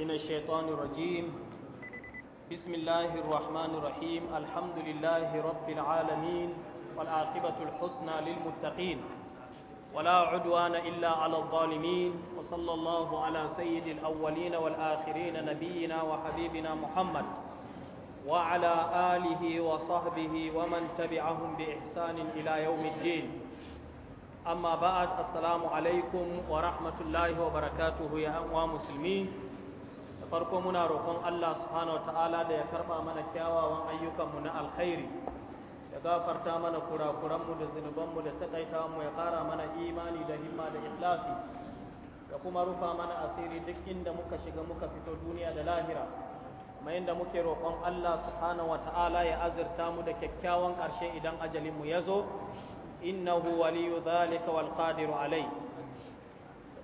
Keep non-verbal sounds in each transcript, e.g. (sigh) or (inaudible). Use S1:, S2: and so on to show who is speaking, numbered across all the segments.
S1: من الشيطان الرجيم بسم الله الرحمن الرحيم الحمد لله رب العالمين والعاقبة الحسنى للمتقين ولا عدوان إلا على الظالمين وصلى الله على سيد الأولين والآخرين نبينا وحبيبنا محمد وعلى آله وصحبه ومن تبعهم بإحسان إلى يوم الدين أما بعد السلام عليكم ورحمة الله وبركاته يا أموى مسلمين farko muna roƙon Allah subhanahu wa ta'ala da ya karɓa mana kyawawan ayyukanmu na alkhairi ya gafarta mana kurakuranmu da zunubanmu da taƙaitawanmu ya ƙara mana imani da himma da ikhlasi da kuma rufa mana asiri duk inda muka shiga muka fito duniya da lahira kuma inda muke roƙon Allah subhanahu wa ta'ala ya azurta mu da kyakkyawan ƙarshe idan ajalinmu ya zo innahu waliyu zalika wal qadiru alai.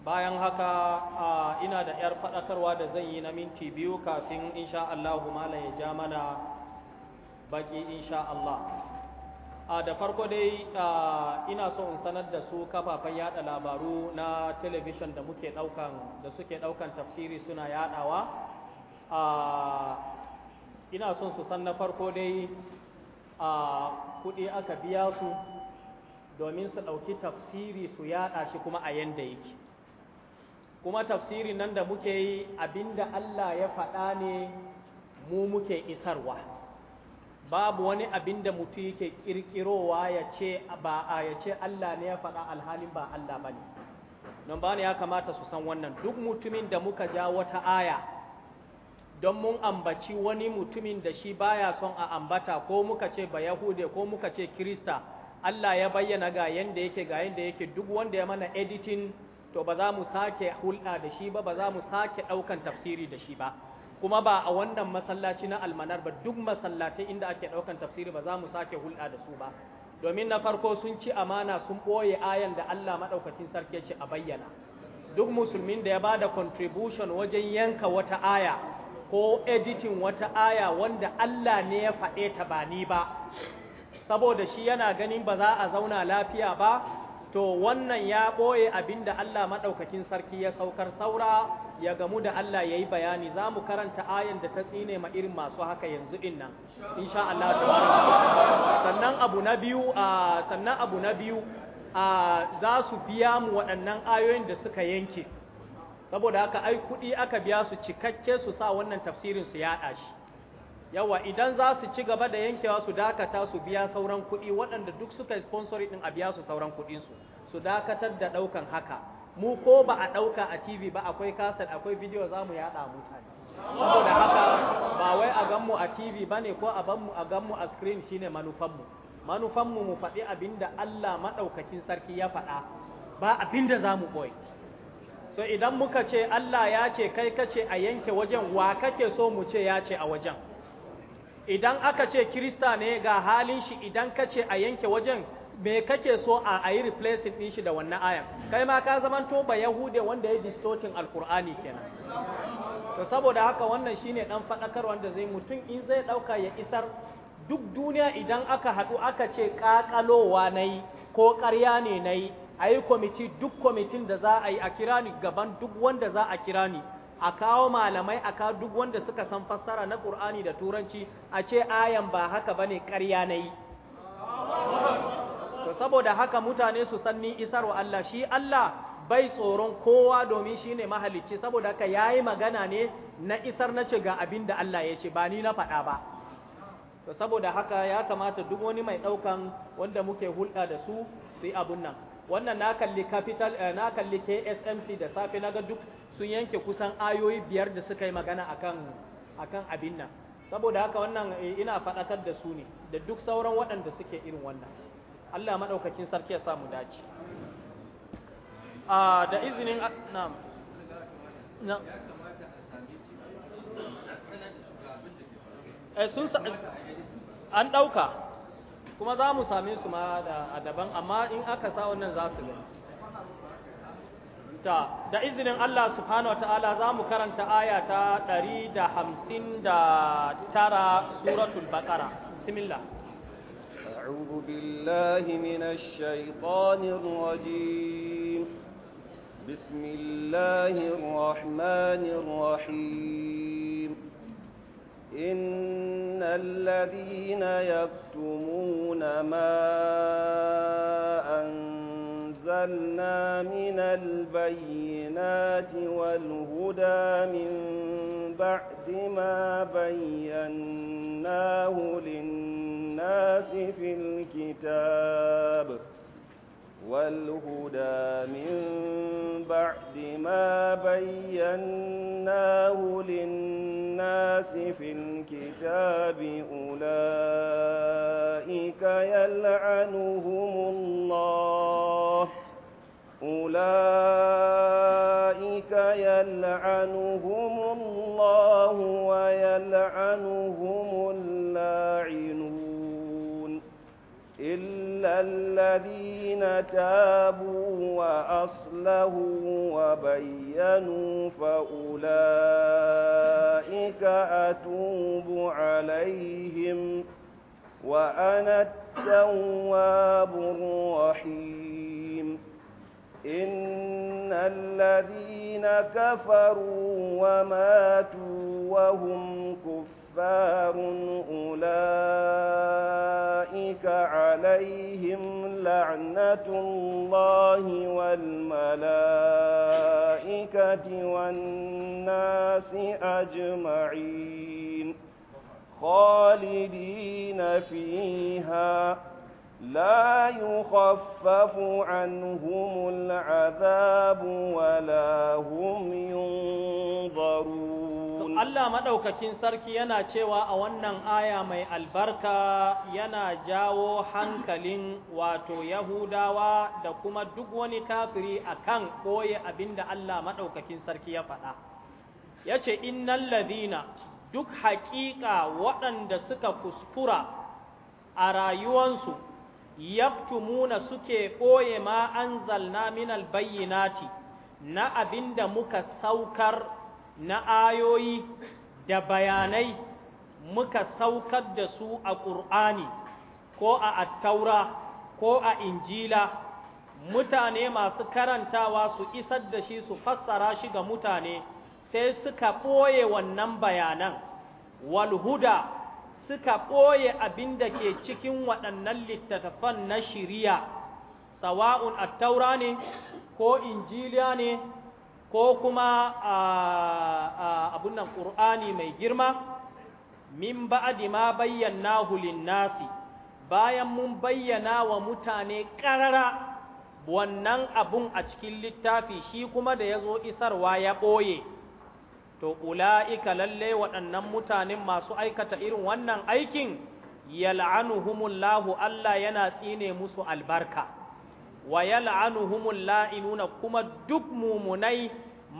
S1: bayan haka ina da 'yar faɗakarwa da zan yi na minti biyu kafin insha Allah mala ya ja mana baki insha Allah a da farko dai ina so in sanar da su kafafen yada labaru na telebishin da muke daukan da suke daukan tafsiri suna yadawa ina son su san na farko dai a kudi aka biya su domin su dauki tafsiri su yada shi kuma a yanda yake kuma tafsirin nan da muke yi abinda Allah ya faɗa ne mu muke isarwa babu wani abinda mutu yake kirkirowa ya ce ba a ya ce Allah ne ya faɗa alhalin ba Allah ne nan ba ne ya kamata su san wannan duk mutumin da muka ja wata aya don mun ambaci wani mutumin da shi baya son a ambata ko muka ce ba Yahude ko muka ce Kirista Allah ya bayyana ga yanda yake ga yanda yake duk wanda ya mana editing to ba za mu sake hulɗa da shi ba ba za mu sake ɗaukan tafsiri da shi ba kuma ba a wannan masallaci na almanar ba duk masallatai inda ake ɗaukan tafsiri ba za mu sake hulɗa da su ba domin na farko sun ci amana sun ɓoye ayan da Allah maɗaukacin sarki ce a bayyana duk musulmin da ya ba da contribution wajen yanka wata aya ko editin wata aya wanda Allah ne ya faɗe ta ba ni ba saboda shi yana ganin ba za a zauna lafiya ba to wannan ya ɓoye abinda Allah maɗaukakin sarki ya saukar saura ya gamu da Allah ya yi bayani za mu karanta ayan da ta tsine ma irin masu haka yanzu inna insha Allah sannan abu na biyu sannan abu na biyu za su biya mu waɗannan ayoyin da suka yanke saboda haka ai kuɗi aka biya su cikakke su sa wannan tafsirin su yaɗa shi yawa idan za su ci gaba da yankewa su dakata su biya sauran kuɗi waɗanda duk suka sponsori din a biya su sauran kuɗinsu su dakatar da ɗaukan haka mu ko ba a ɗauka a tv ba akwai kasar akwai bidiyo za mu yaɗa mutane saboda haka ba wai a ganmu a tv ba ne ko a a ganmu a screen shine manufanmu manufanmu mu faɗi abin da allah maɗaukakin sarki ya faɗa ba abin da za mu ɓoye so idan muka ce allah ya ce kai kace a yanke wajen wa kake so mu ce ya ce a wajen idan aka ce kirista ne ga halin shi idan ka ce a yanke wajen me kake so a ayi replacing din shi da wannan ayan kai ma ka zaman to ba yahude wanda ya distorting alqur'ani kenan to saboda haka wannan shine dan fadakar wanda zai mutum in zai dauka ya isar duk duniya idan aka hadu aka ce kakalowa nayi ko ƙarya ne nayi ayi committee duk committee da za a yi a kirani gaban duk wanda za a kira ni a kawo malamai a kawo duk wanda suka san fassara na Qur'ani da turanci a ce ayan ba haka ba bane ƙarya nayi to saboda haka mutane su san ni isarwa Allah shi Allah bai tsoron kowa domin shine mahalicci saboda haka yayi magana ne na isar na ce ga abin da Allah ya ce ba ni na faɗa ba to saboda haka ya kamata duk wani mai ɗaukan wanda muke hulɗa da su su yi abun nan wannan na kalli capital eh, na kalli KSMC da safe naga duk sun yanke kusan ayoyi biyar da suka yi magana a kan abin nan saboda haka wannan eh, ina faɗatar da su ne da duk sauran waɗanda suke irin wannan Allah maɗaukakin sarki ya samu dace
S2: ah, da izinin na'am eh, an ɗauka
S1: kuma za mu same su ma da daban amma in aka sa wannan za su gani ta da izinin Allah subhanahu wataala za mu karanta aya ta 159 suratul baqara
S3: bismillah أعوذ بالله من الشيطان الرجيم بسم الله الرحمن الرحيم إن الذين يكتمون ما أنزل أنزلنا من البينات والهدى من بعد ما بيناه للناس في الكتاب والهدى من بعد ما بيناه للناس في الكتاب أولئك يلعنهم الله أولئك يلعنهم الله ويلعنهم اللاعنون إلا إلا الذين تابوا وأصلهوا وبينوا فأولئك أتوب عليهم وأنا التواب الرحيم إن الذين كفروا وماتوا وهم كفار كفار أولئك عليهم لعنة الله والملائكة والناس أجمعين خالدين فيها لا يخفف عنهم العذاب ولا هم ينظرون
S1: Allah maɗaukakin sarki yana cewa a wannan aya mai albarka yana jawo hankalin wato Yahudawa da kuma duk wani kafiri a kan abin abinda Allah maɗaukakin sarki ya faɗa. Ya ce, Innan ladina duk haƙiƙa waɗanda suka kuskura a rayuwansu, yaftumuna suke ɓoye ma an zalna minal bayyinati na abinda muka saukar na ayoyi da bayanai muka saukar da su a ƙur'ani ko a attaura ko a injila mutane masu karantawa su isar da shi su fassara shi ga mutane sai suka ɓoye wannan bayanan walhuda suka ɓoye abin da ke cikin waɗannan littattafan na shiriya sawa'un attaura ne ko injiliya ne ko kuma abun nan ƙur'ani mai girma min ba'di ma bayyana nasi bayan mun bayyana wa mutane ƙarara wannan abun a cikin littafi shi kuma da ya zo isarwa ya ɓoye to ula'ika lalle waɗannan mutanen masu aikata irin wannan aikin yal'anuhumullahu Allah yana tsine musu albarka wa yal'anuhumul la'inuna kuma duk mumunai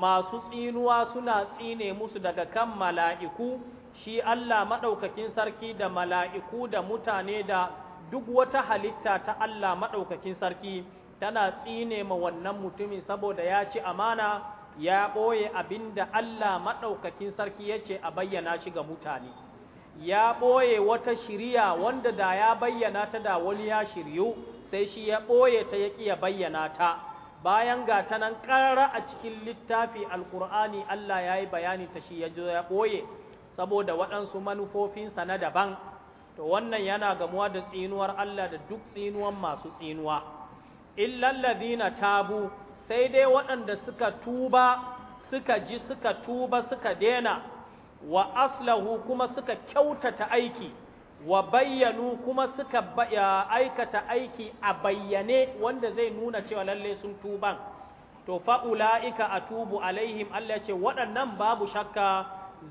S1: masu tsinuwa suna tsine musu daga kan mala'iku shi Allah maɗaukakin sarki da mala'iku da mutane da duk wata halitta ta Allah maɗaukakin sarki tana tsine ma wannan mutumin saboda ya ci amana ya ɓoye abin da Allah maɗaukakin sarki ya ce a bayyana shi ga mutane ya ɓoye wata shirya wanda da ya bayyana ta da wani ya shiryu sai shi ya ɓoye ta ya ya bayyana ta bayan ga ta nan ƙarara a cikin littafi alƙur'ani Allah ya yi bayani ta shi ya je ya ɓoye saboda waɗansu manufofinsa na daban to wannan yana gamuwa da tsinuwar Allah da duk tsinuwan masu tsinuwa illallazina tabu sai dai waɗanda suka tuba suka ji suka tuba suka dena wa aslahu kuma suka kyautata aiki wa bayyanu kuma suka aikata aiki a bayyane wanda zai nuna cewa lalle sun tuba? to fa'ula'ika a tubu alaihim Allah ya ce waɗannan babu shakka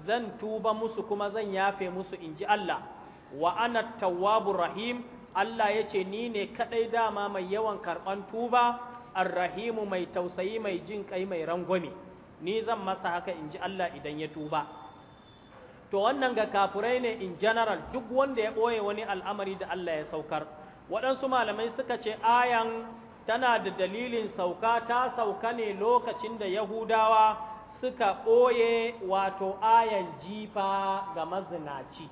S1: zan tuba musu kuma zan yafe musu in ji Allah wa ana tawwabur rahim Allah ya ce ni ne kaɗai dama mai yawan karɓan tuba arrahimu mai tausayi mai jin ƙai mai rangwame ni zan masa haka in ji Allah idan ya tuba to wannan ga kafurai ne in general duk wanda ya ɓoye wani al'amari da Allah ya saukar waɗansu malamai suka ce ayan tana da dalilin sauka ta sauka ne lokacin da yahudawa suka ɓoye wato ayan jifa ga mazinaci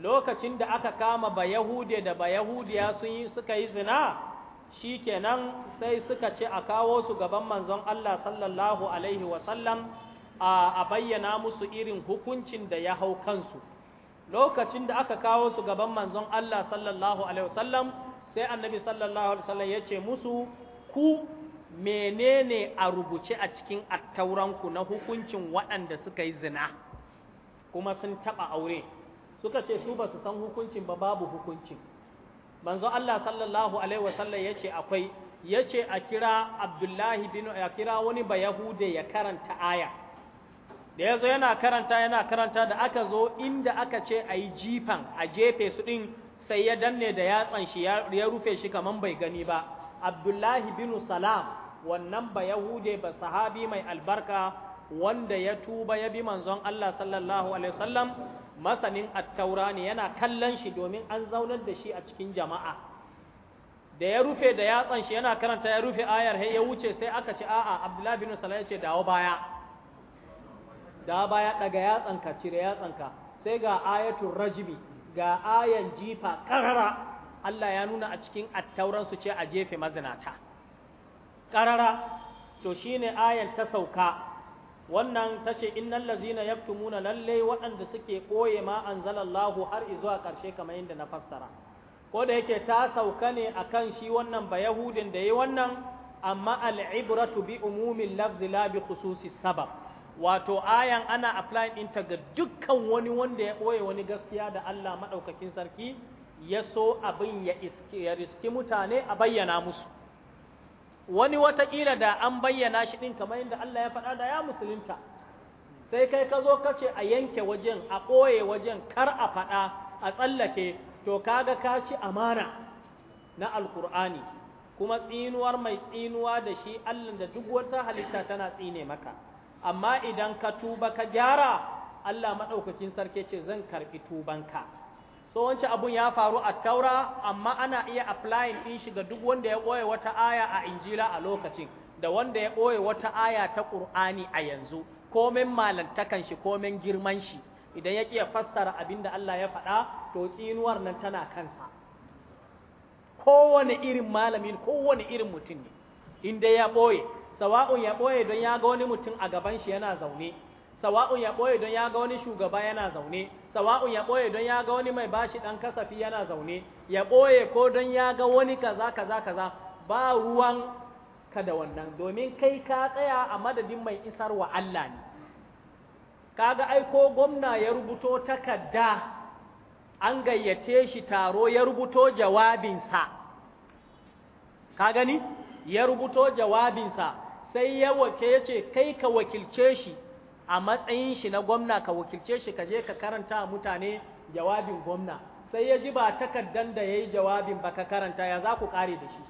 S1: lokacin da aka kama ba yahude da ba yahudiya sun yi suka yi zina shi kenan sai suka ce a kawo su gaban manzon Allah sallallahu alaihi wasallam a bayyana musu irin hukuncin da ya hau kansu lokacin da aka kawo su gaban manzon Allah sallallahu alaihi wasallam sai annabi sallallahu alaihi wasallam ya ce musu ku menene a rubuce a cikin attauranku na hukuncin waɗanda suka yi zina kuma sun taɓa aure suka ce su ba su san hukuncin ba babu hukuncin manzon Allah sallallahu alaihi wasallam ya ce akwai ya ce a kira abdullahi bin a kira wani bayahude ya karanta aya da ya zo yana karanta yana karanta da aka zo inda aka ce a yi jifan a jefe su ɗin sai ya danne da yatsan shi ya rufe shi kaman bai gani ba abdullahi bin salam wannan ba yahude ba sahabi mai albarka wanda ya tuba ya bi manzon Allah sallallahu alaihi wasallam masanin attaura ne yana kallon shi domin an zaunar da shi a cikin jama'a da ya rufe da yatsan shi yana karanta ya rufe ayar ya wuce sai aka ce a'a abdullahi bin salam ya ce dawo baya da baya daga yatsanka cire yatsanka sai ga ayatul rajmi ga ayan jifa karara Allah ya nuna a cikin attauran su ce a jefe mazinata karara to shine ayan ta sauka wannan ta ce innal lazina yaktumuna lalle waɗanda suke koye ma anzalallahu har zuwa ƙarshe kamar yadda na fassara ko da yake ta sauka ne akan shi wannan ba yahudin da yayi wannan amma al'ibratu bi umumin lafzi la bi khususi sabab wato ayan ana apply ɗinta ga dukkan wani wanda ya ɓoye wani gaskiya da Allah maɗaukakin sarki ya so abin ya riski mutane a bayyana musu wani watakila da an bayyana shi ɗin kamar yadda Allah ya faɗa da ya musulunta sai kai ka zo kace a yanke wajen a ɓoye wajen kar a faɗa a tsallake to kaga ka ci amana na alkur'ani kuma tsinuwar mai tsinuwa da shi Allah da duk wata halitta tana tsine maka amma idan ka tuba ka gyara Allah maɗaukakin sarki ce zan karɓi tubanka so wancan abun ya faru a taura amma ana iya applying ɗin shi ga duk wanda ya ɓoye wata aya a injila a lokacin da wanda ya ɓoye wata aya ta ƙur'ani a yanzu komen malantakan shi komen girman shi idan ya ƙiya fassara abin da Allah ya faɗa to tsinuwar nan tana kansa kowane irin malami kowane irin mutum ne in dai ya ɓoye sawa'un ya ɓoye don ya ga wani mutum a gaban shi yana zaune sawa'un ya ɓoye don ya ga wani shugaba yana zaune sawa'un ya ɓoye don ya ga wani mai bashi ɗan kasafi yana zaune ya ɓoye ko don ya ga wani kaza kaza kaza ba ruwan ka da wannan domin kai ka tsaya a madadin mai isar wa Allah ne kaga ai ko gwamna ya rubuto takarda an gayyace shi taro ya rubuto jawabinsa ka gani ya rubuto jawabinsa sai ya wace ya ce kai ka wakilce shi a matsayin shi na gwamna ka wakilce shi ka je ka karanta mutane jawabin gwamna sai ya ji ba takardar da ya yi jawabin ba ka karanta ya za ku kare da shi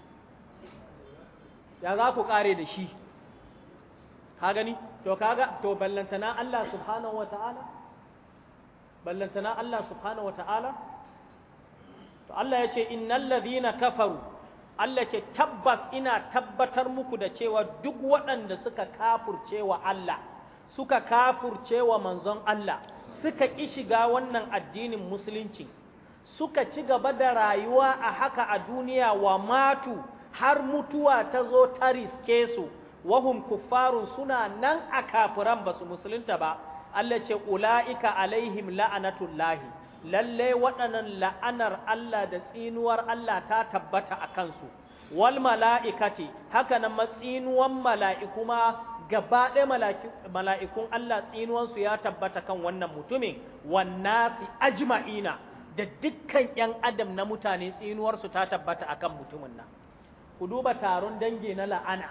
S1: ya za ku kare da shi ka gani to kaga to ballantana Allah subhanahu wata'ala ballantana Allah subhanahu wata'ala to Allah ya ce innal ladhina kafaru Allah ce tabbas ina tabbatar muku da cewa duk waɗanda suka kafurce wa Allah suka kafurce wa manzon Allah suka ki shiga wannan addinin musulunci suka ci gaba da rayuwa a haka a duniya wa matu har mutuwa ta zo ta riske su wahum kuffarun suna nan a kafiran ba su musulunta ba Allah ce ula'ika alaihim la'anatullahi lalle waɗannan la'anar Allah da tsinuwar Allah ta tabbata a kansu wal mala'ikati haka nan matsinuwan mala'iku ma gaba mala'ikun Allah tsinuwansu ya tabbata kan wannan mutumin wannasi ajma'ina da dukkan ‘yan adam na mutane tsinuwarsu ta tabbata a kan mutumin nan ku duba taron dangi na la'ana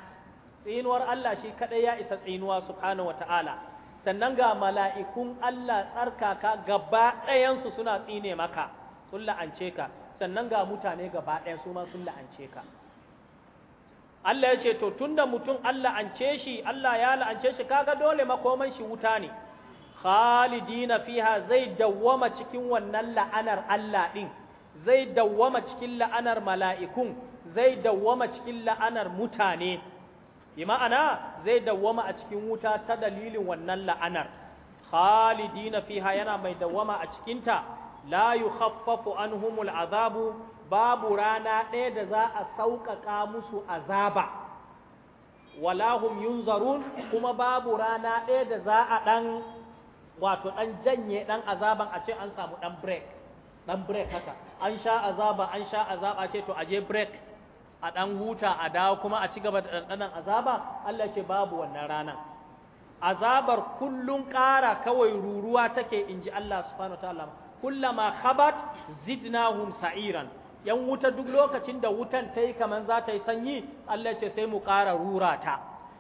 S1: tsinuwar Allah shi kaɗai ya isa tsinuwa subhanahu wa ta'ala sannan ga mala'ikun Allah tsarkaka gaba ɗayansu suna tsine maka sun la'ance ka sannan ga mutane gaba ɗaya su ma sun la'ance ka Allah ya ce to tunda mutum Allah ance shi Allah ya la'ance shi kaga dole makoman shi wuta ne khalidina fiha zai dawwama cikin wannan la'anar Allah ɗin, zai dawwama cikin la'anar mala'ikun zai dawwama cikin la'anar mutane bi ma'ana zai dawwama a cikin wuta ta dalilin wannan la'anar khalidina fiha yana mai dawwama a cikinta la an humul azabu babu rana ɗaya da za a sauƙaƙa musu azaba Walahum yunzarun kuma babu rana ɗaya da za a ɗan wato ɗan janye ɗan azaban a ce an samu ɗan break ɗan break haka an sha azaba an sha azaba ce to aje break a ɗan huta a dawo kuma a ci gaba da ɗanɗanan azaba Allah ce babu wannan rana. azabar kullum ƙara kawai ruruwa take in ji Allah subhanahu wa ta'ala ma khabat zidnahum sa'iran yan wuta duk lokacin da wutan ta yi kaman za ta yi sanyi Allah ce sai mu ƙara rura ta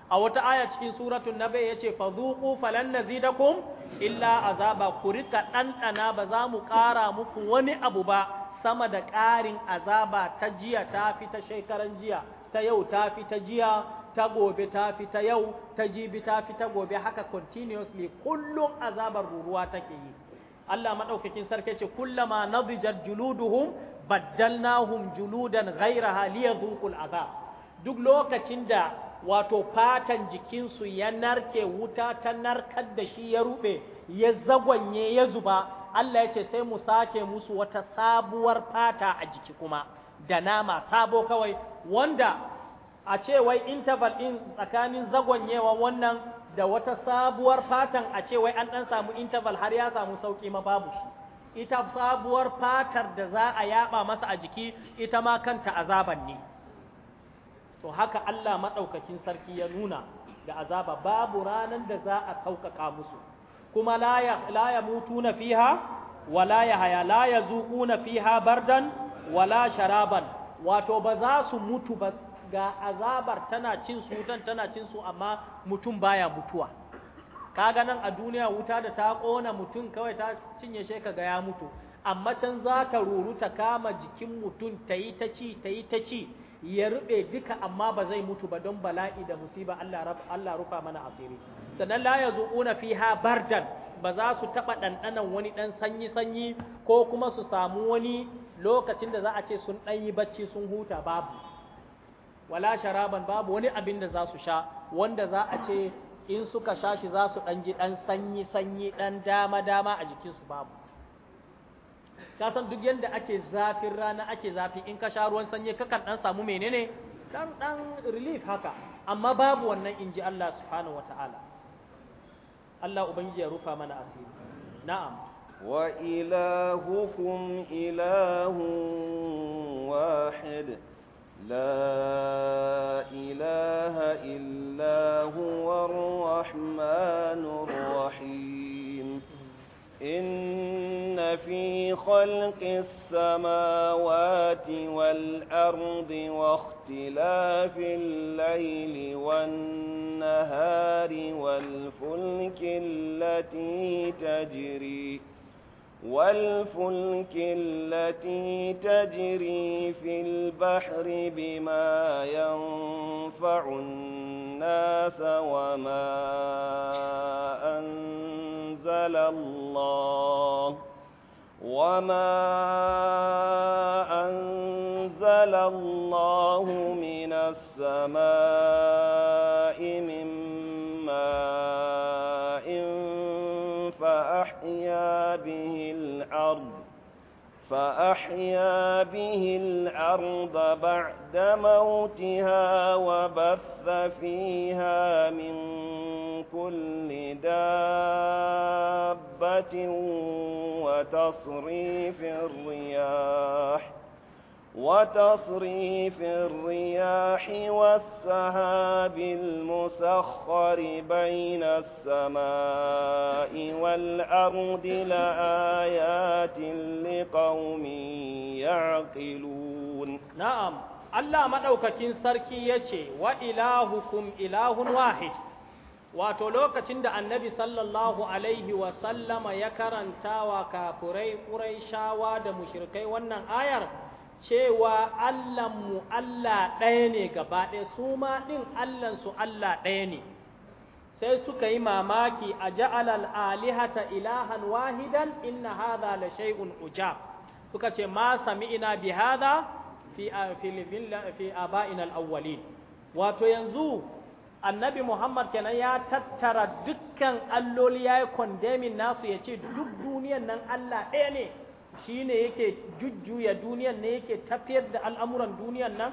S1: a wata aya cikin suratun suratul nabi yace fadhuqu falan kum." illa azaba ku rika ɗanɗana ba za mu ƙara muku wani abu ba sama da ƙarin azaba ta jiya ta fi ta shekaran jiya ta yau ta fi ta jiya ta gobe ta fi ta yau ta jibi ta fi ta gobe haka continuously kullum azabar ruruwa take yi Allah madaukakin sarki ce kullama nadijat juluduhum baddalnahum juludan ghayraha liyadhuqul azab duk lokacin da wato fatan jikinsu ya narke wuta ta narkar da shi ya rube ya zagwanye ya zuba Allah ya ce sai mu sake musu wata sabuwar fata a jiki kuma da nama sabo kawai wanda a ce wai interval din tsakanin zagonyewa wannan da wata sabuwar fatan a ce wai an dan samu interval har ya samu sauki ma babu shi ita sabuwar fatar da za a yaba masa a jiki ita ma kanta azaban ne to haka Allah madaukakin sarki ya nuna da azaba babu ranan da za a sauƙaƙa musu kuma la ya mutu na fiha wa la ya haya la ya zuku na fiha bardan wa la sharaban wato ba za su mutu ba ga azabar tana cin su wutan tana cin su amma mutum baya mutuwa kaga nan a duniya wuta da ta kona mutum kawai ta cinye shi kaga ya mutu amma can za ta ruru ta kama jikin mutum ta yi ta ci ta yi ta ci ya rube duka amma ba zai mutu ba don bala'i da musiba Allah Allah rufa mana asiri sannan la yazuuna fiha bardan ba za su taba dandanan wani dan sanyi sanyi ko kuma su samu wani lokacin da za a ce sun dan yi bacci sun huta babu wala sharaban babu wani abin da za su sha wanda za a ce in suka sha shi za su dan ji dan sanyi sanyi dan dama dama a jikinsu babu ka san duk yadda ake zafin rana ake zafi in ka sha ruwan sanyi kakan dan samu menene dan dan relief haka amma babu wannan in ji Allah subhanahu wataala Allah ubangiji ya rufa mana asiri na'am
S3: wa ilahukum ilahun wahid La ilaha إلا هو الرحمن إن في خلق السماوات والأرض واختلاف الليل والنهار والفلك التي تجري والفلك التي تجري في البحر بما ينفع الناس وما أنزل الله وما أنزل الله من السماء فأحيا به الأرض بعد موتها وبث فيها من كل دابة وتصريف الرياح وتصريف الرياح والسهاب المسخر بين السماء والأرض لآيات لقوم يعقلون نعم الله مدوك كن سركي يشي وإلهكم
S1: إله واحد وتلوك تند النبي صلى الله عليه وسلم يكرن تاوى كافرين قريشا ودمشركين ونن آيارهم cewa Allahnmu Allah ɗaya ne gaba ɗaya su ma ɗin Allahnsu Allah ɗaya ne sai suka yi mamaki a ja'alal alihata ilahan wahidan inna hadha la shay'un ujab suka ce ma ina bi hadha fi fi aba'ina wato yanzu annabi Muhammad kenan ya tattara dukkan alloli yi kondemin nasu yace duk duniyan nan Allah ɗaya ne shi ne yake jujjuya duniyan ne yake tafiyar da al'amuran duniyan nan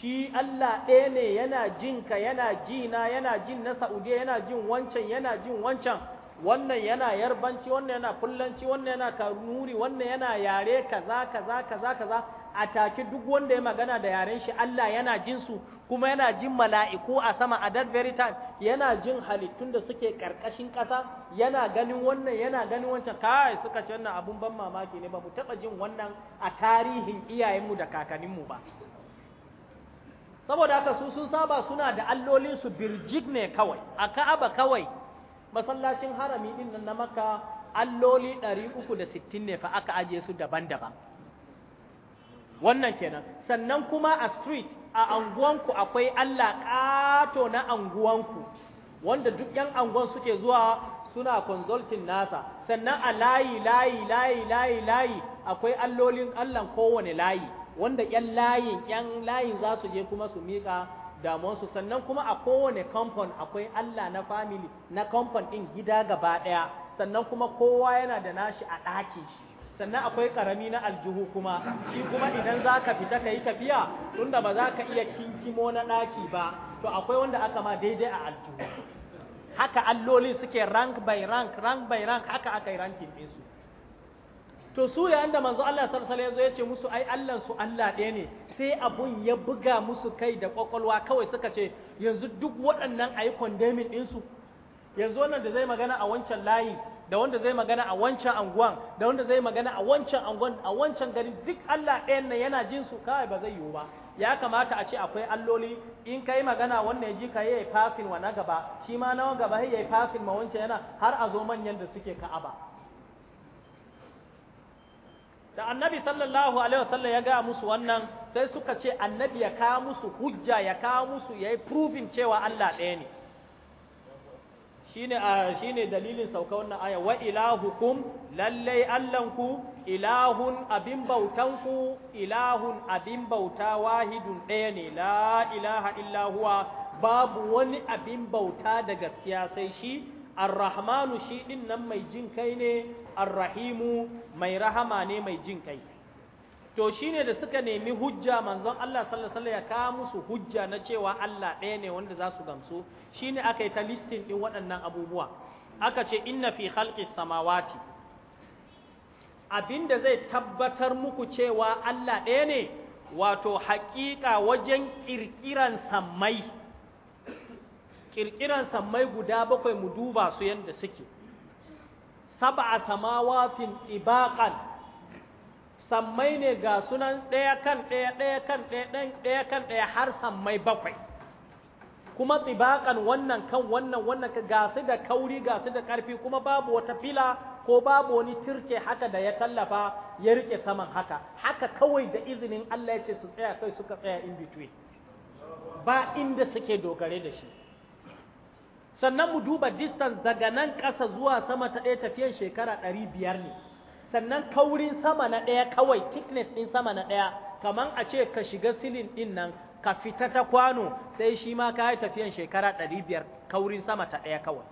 S1: shi Allah ɗaya ne yana jinka yana jina yana jin na Saudiya yana jin wancan yana jin wancan wannan yana yarbanci wannan yana fullanci wannan yana kanuri wannan yana yare kaza kaza kaza kaza a take duk wanda ya magana da yaren shi Allah yana jinsu. kuma yana jin mala'iku a sama a that very time yana jin halittun da suke ƙarƙashin ƙasa yana ganin wannan yana ganin wancan kawai suka ce wannan abun ban mamaki ne ba mu taɓa jin wannan a tarihin iyayenmu da kakanninmu ba saboda haka su sun saba suna da allolinsu birjik ne kawai a ka'aba kawai masallacin harami din nan na maka alloli 360 ne fa aka aje su daban-daban wannan kenan sannan kuma a street a anguwanku akwai Allah ƙato na anguwanku wanda duk ‘yan anguwan suke zuwa suna consulting nasa sannan a layi layi layi layi layi akwai allolin Allah kowane layi wanda ‘yan layin ‘yan layin za su je kuma su miƙa damuwarsu sannan kuma a kowane kamfan akwai Allah na family na kamfan ɗin gida gaba ɗaya sannan kuma kowa yana da nashi a ɗakin shi sannan akwai karami na aljihu kuma shi kuma idan za ka fita ka yi tafiya tunda ba za ka iya kinkimo na ɗaki ba to akwai wanda aka ma daidai a aljihu haka alloli suke rank by rank rank by rank haka aka yi rankin ɗinsu to su yayin da manzo Allah sarsale ya zo ya ce musu ai Allah su Allah ɗaya ne sai abun ya buga musu kai da kwakwalwa kawai suka ce yanzu duk waɗannan ayi condemning ɗinsu yanzu wannan da zai magana a wancan layi da wanda zai magana a wancan anguwan da wanda zai magana a wancan anguwan a wancan garin duk Allah ɗayan nan yana jin su kawai ba zai yiwu ba ya kamata a ce akwai alloli in kai magana wannan ji ka yayi fasin wa na gaba shi ma na gaba yayi fasin ma wancan yana har a zo manyan da suke ba. da annabi sallallahu alaihi wasallam ya ga musu wannan sai suka ce annabi ya kawo musu hujja ya kawo musu yayi proving cewa Allah ɗaya ne shine ah, shine dalilin sauka wannan aya wa ilahukum lallai allanku ilahun abin bautanku ilahun abin bauta wahidun ɗaya ne la ilaha illa huwa babu wani abin bauta da gaskiya sai shi arrahmanu shi din nan mai jin kai ne arrahimu mai rahama ne mai jin kai to shine da suka nemi hujja manzon Allah sallallahu alaihi ya kawo musu hujja na cewa Allah ɗaya ne wanda za su gamsu shine aka yi ta listin ɗin waɗannan abubuwa aka ce inna fi khalqi samawati abinda zai tabbatar muku cewa Allah ɗaya ne wato haƙiƙa wajen ƙirƙiran sammai kirkiran sammai guda bakwai mu duba su yadda suke sab'a samawatin ibaqan sammai ne ga sunan ɗaya kan ɗaya ɗaya kan ɗaya ɗaya kan ɗaya har sammai bakwai kuma tsibakan wannan kan wannan wannan ga su da kauri ga su da ƙarfi kuma babu wata fila ko babu wani tirke haka da ya tallafa ya rike saman haka haka kawai da izinin Allah ya ce su tsaya kai suka tsaya in between ba inda suke dogare da shi sannan mu duba distance daga nan ƙasa zuwa sama ta ɗaya tafiyan shekara ɗari biyar ne sannan kaurin sama na ɗaya kawai thickness ɗin sama na ɗaya kaman a ce ka shiga silin ɗin nan ka fita ta kwano sai shi ma ka yi tafiyan shekara ɗari biyar kaurin sama ta ɗaya kawai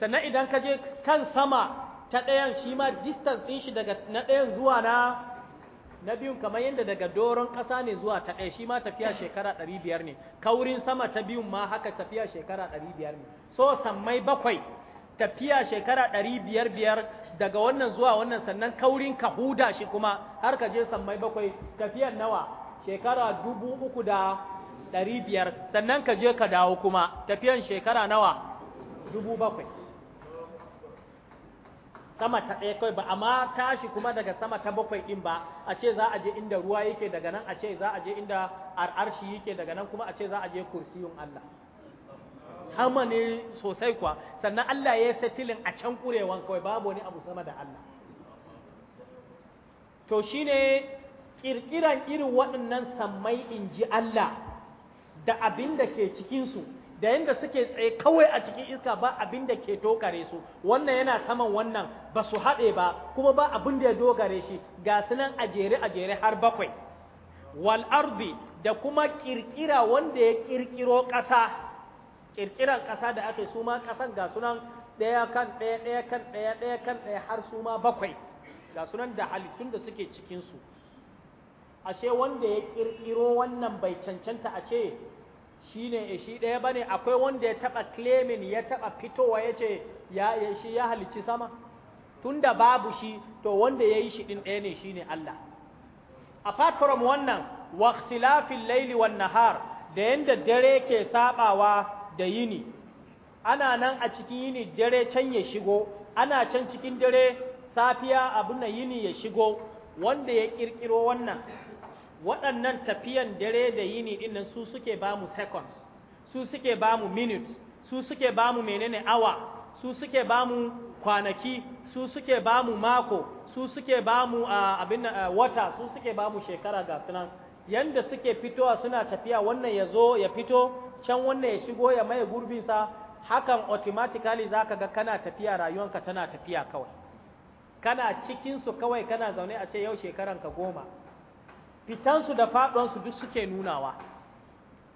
S1: sannan idan ka je kan sama ta ɗayan shi ma distance ɗin shi daga na ɗayan zuwa na na biyun kamar yadda daga doron ƙasa ne zuwa ta ɗaya shi ma tafiya shekara ɗari biyar ne kaurin sama ta biyun ma haka tafiya shekara ɗari biyar ne so sammai bakwai tafiya shekara ɗari biyar biyar daga wannan zuwa wannan sannan kaurin ka huda shi kuma har ka je sammai bakwai tafiyar nawa shekara dubu uku da ɗari biyar sannan ka je ka dawo kuma tafiyan shekara nawa dubu bakwai sama ta ɗaya kawai ba amma tashi kuma daga sama ta bakwai ɗin ba a ce za a je inda ruwa yake daga nan a ce za a je inda ar'arshi yake daga nan kuma a ce za a je kursiyun Allah sama ne sosai kuwa sannan Allah ya yi satilin a can kurewan kawai babu wani abu sama da Allah to shine ƙirƙiran irin waɗannan sammai in ji Allah da abin da ke cikinsu da yadda suke tsaye kawai a cikin iska ba abin da ke dogare su wannan yana saman wannan ba su haɗe ba kuma ba abin da ya dogare shi ga su nan a jere har bakwai wal arzi da kuma ƙirƙira wanda ya ƙirƙiro ƙasa kirkiran ƙasa da ake suma su ma ƙasan ga sunan ɗaya kan ɗaya ɗaya kan ɗaya ɗaya kan ɗaya har su ma bakwai ga sunan da halittun da suke cikinsu ashe wanda ya ƙirƙiro wannan bai cancanta a ce shi ne shi ɗaya ba ne akwai wanda ya taɓa claiming ya taɓa fitowa ya ce ya shi ya halicci sama tun da babu shi to wanda ya yi shi ɗin ɗaya ne shi ne Allah apart from wannan wa ikhtilafil laili wan nahar da yanda dare ke sabawa da yini ana nan a cikin yini dare can ya shigo ana can cikin dare safiya abu na yini ya shigo wanda ya ƙirƙiro wannan waɗannan tafiyan dare da yini dinnan su suke ba mu seconds su suke ba mu minutes su suke ba mu menene awa su suke ba mu kwanaki su suke ba mu mako su suke ba mu abin wata su suke ba mu shekara ga sunan yanda suke fitowa suna tafiya wannan ya zo ya fito can wannan ya shigo ya maye gurbinsa hakan automatically zaka ga kana tafiya rayuwanka tana tafiya kawai kana cikinsu kawai kana zaune a ce yau shekaranka goma fitansu da faɗonsu duk suke nunawa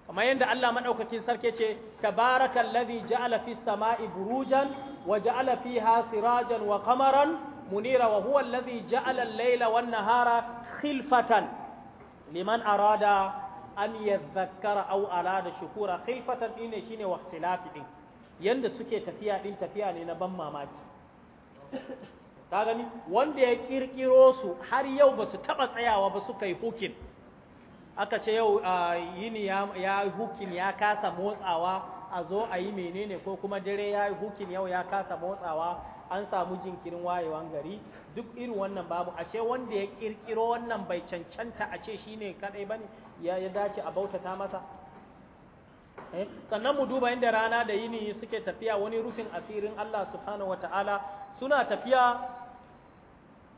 S1: kamar yadda Allah maɗaukakin sarki ce tabarakan ladhi ja'ala fis sama'i burujan wa ja'ala fiha sirajan wa qamaran munira wa huwa alladhi ja'ala al-layla wan nahara khilfatan liman arada an yadhakkara aw ala da shukura khifatan ine ne shine waqtilafi din yanda suke tafiya din tafiya ne na ban mamaki ka gani wanda ya kirkiro su har yau ba su taba tsayawa ba su yi hukin aka ce yau yini ya hukin ya kasa motsawa a zo a yi menene ko kuma dare ya yi hukin yau ya kasa motsawa an samu jinkirin wayewan gari duk irin wannan babu ashe wanda ya kirkiro wannan bai cancanta a ce shine kadai bane ya ya dace a bautata masa eh, sannan mu duba inda rana da yini suke tafiya wani rufin asirin Allah subhanahu wataala suna tafiya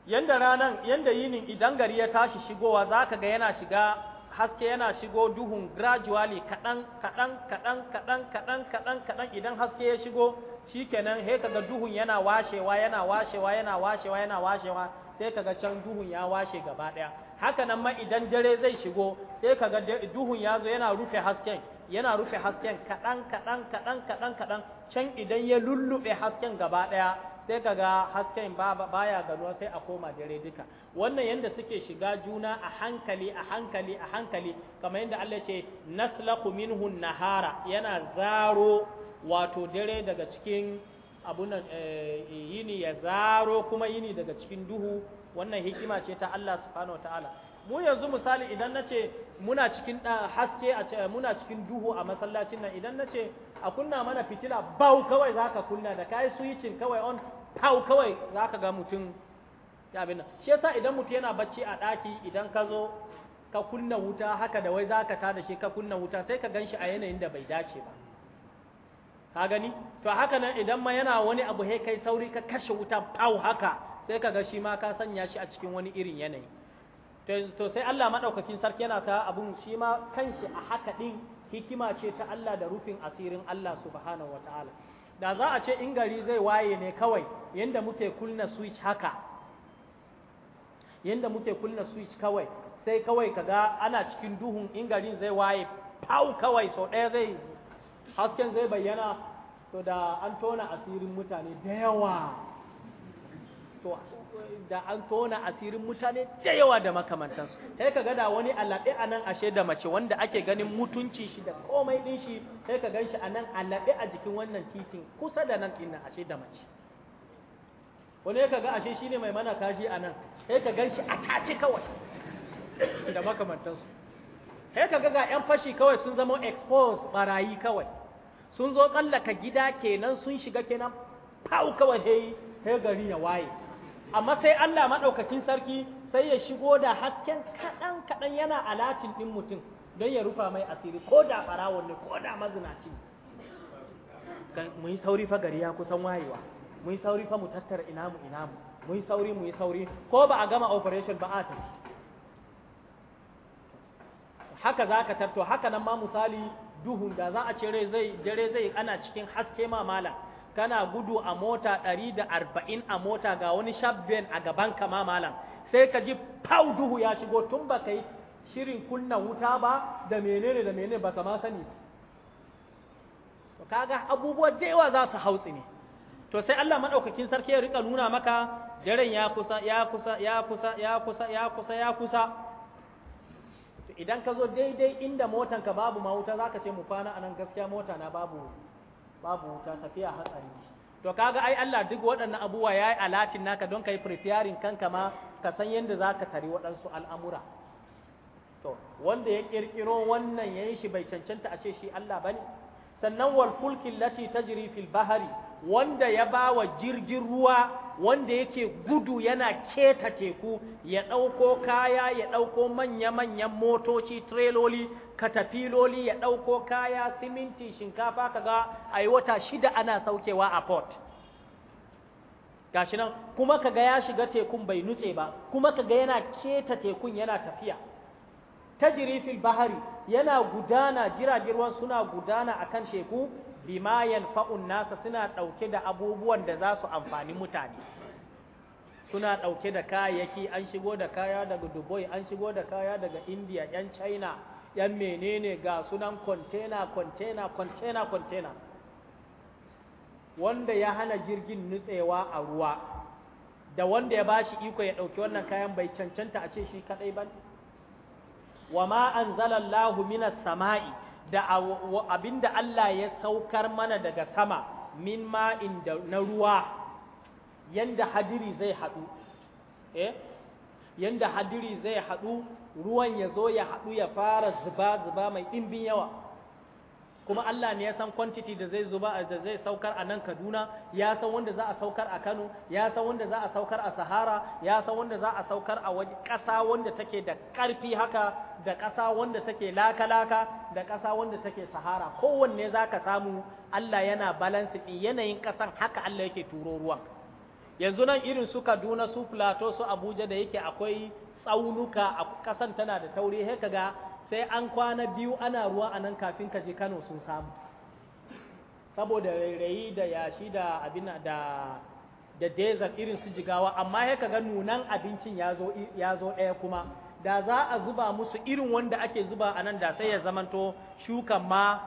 S1: yanda ranan yanda yinin idan gari ya tashi shigowa zaka ga yana shiga haske yana shigo duhun gradually kaɗan kaɗan kaɗan kaɗan kadan kaɗan kadan idan haske ya shigo shikenan sai kaga duhun yana washewa yana washewa yana washewa yana washewa sai kaga can duhun ya washe gaba ɗaya haka nan ma idan dare zai shigo sai kaga duhun ya zo yana rufe hasken yana rufe hasken kaɗan kaɗan kaɗan kaɗan kaɗan can idan ya lullube hasken gaba ɗaya sai kaga hasken baya ganuwa sai a koma dare duka wannan yanda suke shiga juna a hankali a hankali a hankali kamar yadda Allah ce naslaku minhu nahara yana zaro wato dare daga cikin abunan eh, yini ya zaro kuma yini daga cikin duhu wannan hikima ce ta Allah subhanahu ta'ala mu yanzu misali idan nace muna cikin eh, haske a muna cikin duhu a masallacin nan idan nace a kunna mana fitila bau kawai zaka kunna da kai switching kawai on pau kawai zaka ga mutum ya abin shi yasa idan mutum yana bacci a daki idan ka zo ka kunna wuta haka da wai zaka tada shi ka kunna wuta sai ka ganshi a yanayin da bai dace ba ka gani to haka nan idan ma yana wani abu he kai sauri ka kashe wuta pau haka sai ka ga shi ma ka sanya shi a cikin wani irin yanayi to sai Allah madaukakin sarki yana ta abun shi ma kanshi a haka din hikima ce ta Allah da rufin asirin Allah subhanahu wataala da za a ce in gari zai waye ne kawai yanda muke kunna switch haka yanda muke kunna switch kawai sai kawai kaga ana cikin duhun in garin zai waye pau kawai so ɗaya zai hasken zai bayyana to da an tona asirin mutane da yawa to da an tona asirin mutane da yawa da makamantansu sai ka gada wani alabe a nan ashe da mace wanda ake ganin mutunci shi da komai din shi sai ka ganshi a nan alabe a jikin wannan titin kusa da nan din ashe da mace wani ka ga ashe shine mai mana kashi a nan sai ka ganshi a tace kawai da makamantansu sai ka ga ga 'yan fashi kawai sun zama expose barayi kawai sun zo tsallaka gida kenan sun shiga kenan fa'u kawai he he gari ya waye amma sai Allah maɗaukakin sarki sai ya shigo da hasken kaɗan-kaɗan yana alatin ɗin mutum don ya rufa mai asiri ko da farawon ne ko da mazinaci mu yi sauri fa gari ya kusan wayewa mu yi sauri fa mu tattara ina mu ina mu mu yi sauri mu yi sauri ko ba a gama operation ba a tafi haka za ka tarto haka nan ma misali duhun da za a ce dare zai ana cikin haske ma kana gudu a mota 140 a mota ga wani shabben a gaban ka ma sai ka ji pau duhu ya shigo tun ba yi shirin kunna wuta ba da menene da menene ba ka ma sani to kaga abubuwa da yawa za su hautsi ne to sai Allah madaukakin sarki ya rika nuna maka daren ya kusa ya kusa ya kusa ya kusa ya kusa ya kusa idan ka zo daidai inda motanka babu ma wuta zaka ce mu kwana anan gaskiya mota na babu babu wuta tafiya hatsari to kaga ai Allah duk waɗannan abubuwa ya yi alatin naka don kayi preparing kanka ma ka san yadda zaka tari waɗansu al'amura to wanda ya ƙirƙiro wannan yi shi bai cancanta a ce shi Allah bane sannan walfulkin fulkin lati tajri fil bahari wanda ya bawa jirgin ruwa wanda yake gudu yana keta teku ya ɗauko kaya ya ɗauko manya-manyan motoci treloli katafiloli ya ɗauko kaya siminti shinkafa kaga a yi wata shida ana saukewa a port shi nan kuma kaga ya shiga tekun bai nutse ba kuma kaga yana keta tekun yana tafiya ta jirifin bahari yana gudana jiragen ruwan suna gudana akan sheku bima yanfa'un nasa suna ɗauke da abubuwan da za su amfani mutane suna ɗauke da kayayyaki an shigo da kaya daga dubai an shigo da kaya daga india yan china yan menene ga sunan container container container container wanda ya hana jirgin nutsewa a ruwa da wanda ya bashi iko ya ɗauki wannan kayan bai cancanta a ce shi kadai ba wa ma anzalallahu minas sama'i da abinda Allah ya saukar mana daga sama min ma'in na ruwa yanda hadiri zai haɗu eh yanda hadiri zai haɗu ruwan ya zo ya haɗu ya fara zuba zuba mai ɗimbin yawa kuma Allah ne ya san quantity da zai zuba da zai saukar a nan Kaduna ya san wanda za a saukar a Kano ya san wanda za a saukar a Sahara ya san wanda za a saukar a waje ƙasa wanda take da ƙarfi haka da ƙasa wanda take laka-laka da ƙasa wanda take Sahara kowanne za ka samu Allah yana balansi ɗin yanayin ƙasan haka Allah yake turo ruwan yanzu nan irin su Kaduna su Plateau su Abuja da yake akwai tsaunuka a ƙasan tana da tauri haka kaga sai an kwana biyu ana ruwa a nan kafin kaje Kano sun samu saboda rairayi da yashi da abin da da desert irin su jigawa amma ya kaga nunan abincin ya zo ɗaya kuma da za a zuba musu irin wanda ake zuba a nan da sai ya zamanto shukan ma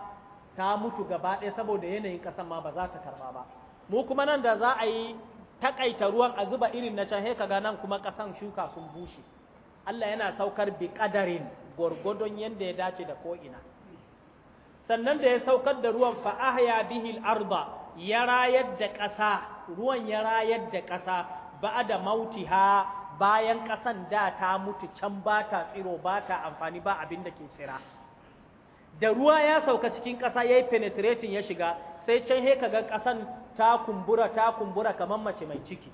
S1: ta mutu gaba ɗaya saboda yanayin kasan ma ba za ta karɓa ba mu kuma nan da za a yi takaita ruwan a zuba irin na can sai kaga nan kuma ƙasan shuka sun bushe Allah yana saukar bi ƙadarin gwargwadon yadda ya dace da ko'ina sannan da ya saukar da ruwan fa'ahya bihil arba ya rayar da ƙasa ruwan ya rayar da ƙasa ba da mauti ha bayan ƙasan da ta mutu can ba ta tsiro ba ta amfani ba abin da ke tsira da ruwa ya sauka cikin ƙasa ya yi penetrating ya shiga sai can he ga ƙasan ta kumbura ta kumbura kamar mace mai ciki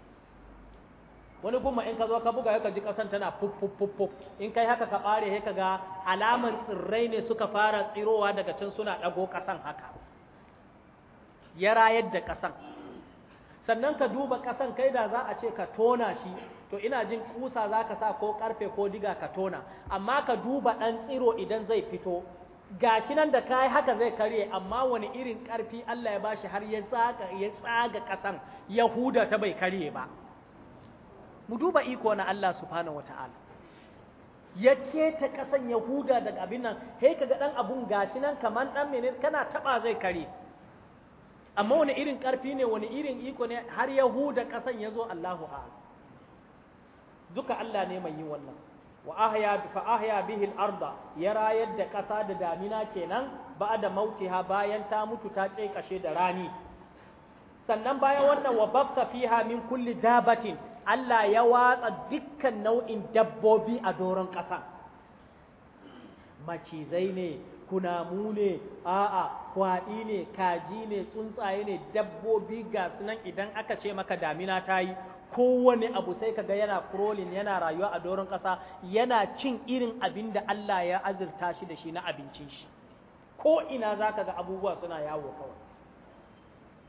S1: wani kuma in ka zo ka buga ka ji kasan tana fuffuffuffu in kai haka ka bare sai ga alamar tsirrai ne suka fara tsirowa daga can suna ɗago kasan haka ya rayar da kasan sannan ka duba kasan kai da za a ce ka tona shi to ina jin kusa za ka sa ko karfe ko diga ka tona amma ka duba ɗan tsiro idan zai fito gashi nan da kai haka zai karye amma wani irin ƙarfi Allah ya bashi har ya tsaga ya tsaga Yahuda ta bai karye ba mu duba iko na Allah subhanahu wataala ya keta kasan yahuda daga abin nan sai kaga dan abun gashi nan kaman dan mene kana taba zai kare amma wani irin karfi ne wani irin iko ne har yahuda kasan yazo Allahu a'lam duka Allah ne mai yi wannan wa ahya fa ahya bihi al-arda yara yadda kasa da damina kenan ba'da mautiha bayan ta mutu ta kai kashe da rani sannan bayan wannan wa bafta fiha min kulli dabatin Allah ya watsa dukkan nau'in dabbobi a doron ƙasa macizai ne kunamu ne a'a kwaɗi ne kaji ne tsuntsaye ne dabbobi ga sunan idan aka ce maka damina ta yi kowane abu sai ka ga yana crawling yana rayuwa a doron ƙasa yana cin irin abin da Allah ya azurta shi da shi na abincin shi ko ina zaka ga abubuwa suna yawo kawai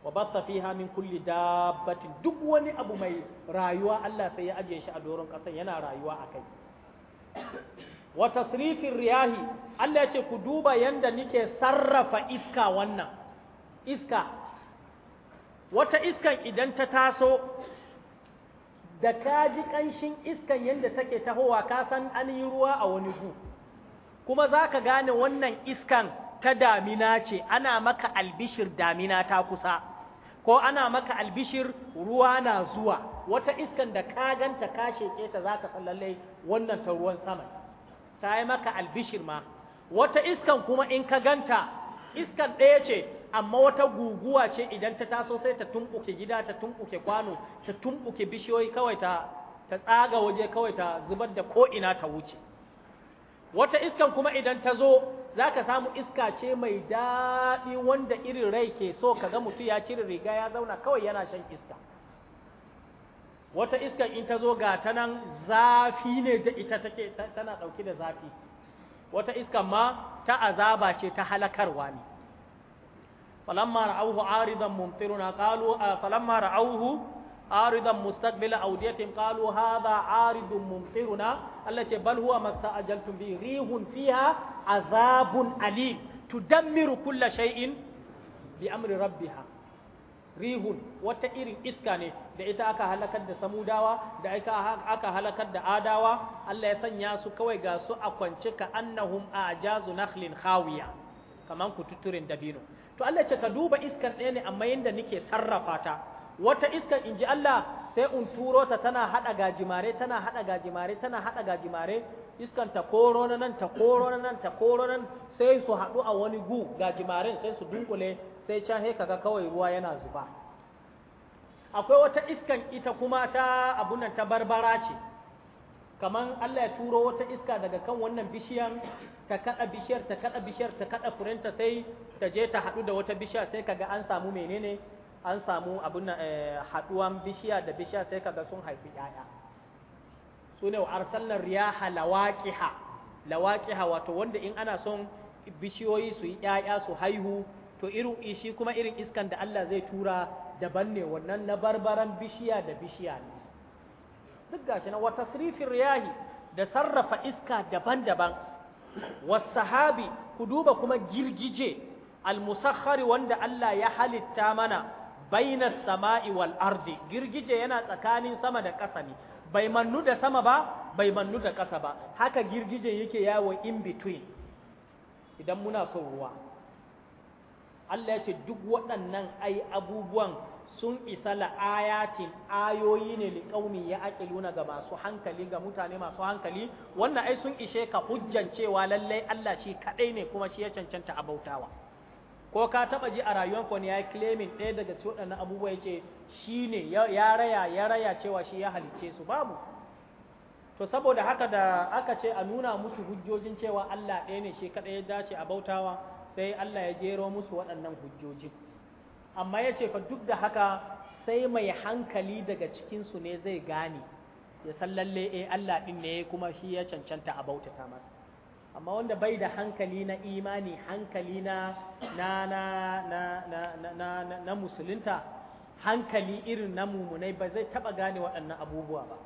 S1: wa batta fiha min kulli dabbatin duk wani abu mai rayuwa Allah sai ya ajiye shi a doron yana rayuwa a kai wa tasrifin riyahi Allah ya ce ku duba yanda nike sarrafa iska wannan iska wata iskan idan ta taso da ka ji ƙanshin iskan yadda take tahowa ka san an yi ruwa a wani gu kuma za ka gane wannan iskan ta damina ce ana maka albishir damina ta kusa ko ana maka albishir ruwa na zuwa wata iskan da ka ganta ka sheke ta zaka wannan ta ruwan sama ta yi maka albishir ma wata iskan kuma in ka ganta iskan ɗaya ce amma wata guguwa ce idan ta taso sai ta tumbuke gida ta tunkuke kwano ta tunkuke bishiyoyi kawai ta ta tsaga waje kawai ta zubar da ko ina ta wuce wata iskan kuma idan ta zo za ka samu iska ce mai daɗi wanda irin rai ke so ka ga mutu ya cire riga ya zauna kawai yana shan iska wata iska in ta zo ga ta nan zafi ne da ita take tana ɗauki da zafi wata iska ma ta azaba ce ta halakarwa ne falamma ra'auhu aridan mumtiruna qalu falamma ra'auhu aridan مستقبل اوديتهم قالوا هذا عارض ممطرنا Allah بل هو huwa mastaajaltum bi rihun fiha azabun alim tudammiru kulla shay'in bi amri rabbiha rihun wata irin iska ne da ita aka halakar da samudawa da aka halakar da adawa Allah ya sanya su kawai ga su a kwance ka annahum ajazu nakhlin khawiya kaman kututturin dabino to Allah ya ce ka duba iskan ɗaya ne amma yanda nake sarrafa ta wata in ji Allah sai in turo ta tana haɗa gajimare tana haɗa gajimare tana haɗa gajimare iskan ta koro na nan ta koro na nan ta koro nan sai su haɗu a wani gu gajimaren sai su dunkule sai can he kaga kawai ruwa yana zuba akwai wata iskan ita kuma ta abun nan ta barbara ce kaman Allah ya turo wata iska daga kan wannan bishiyan ta kada bishiyar ta kada bishiyar ta kada furenta sai ta je ta haɗu da wata bishiya sai kaga an samu menene an samu abin eh, haɗuwan bishiya da bishiya sai kaga sun haifi yaya su ne wa arsalnar riyaha lawaƙiha wato wanda in ana son bishiyoyi su yi ƴaƴa su haihu to irin ishi kuma irin iskan da Allah zai tura daban ne wannan na barbaran bishiya da bishiya ne duk gashi na wata sirifin riyahi da sarrafa iska daban-daban wasahabi ku duba kuma girgije almusakhari wanda Allah ya halitta mana bainas sama'i wal ardi girgije yana tsakanin sama da ƙasa ne bai mannu da sama ba bai mannu da ƙasa ba haka girgije yake yawo in between idan muna son ruwa Allah ya ce duk waɗannan ai abubuwan sun isa la'ayatin ayoyi ne liƙaumi ya aƙiluna ga masu hankali ga mutane masu hankali wannan ai sun ishe ka hujjan cewa lallai Allah shi kaɗai ne kuma shi ya cancanta a bautawa. ko ka taba ji a rayuwar ko ne ya claiming ɗaya daga cikin waɗannan abubuwa yace shine ya raya ya raya cewa shi ya halicce su babu to saboda haka da aka ce a nuna musu hujjojin cewa Allah ɗaya ne shi kaɗai ya dace a bautawa sai Allah ya jero musu waɗannan hujjojin amma yace fa duk da haka sai mai hankali daga cikin su ne zai gane ya san lalle eh Allah ɗin ne kuma shi ya cancanta a bautata masa amma wanda bai da hankali na imani hankali na na na na na na musulunta hankali irin na mumunai ba zai taba gane waɗannan abubuwa ba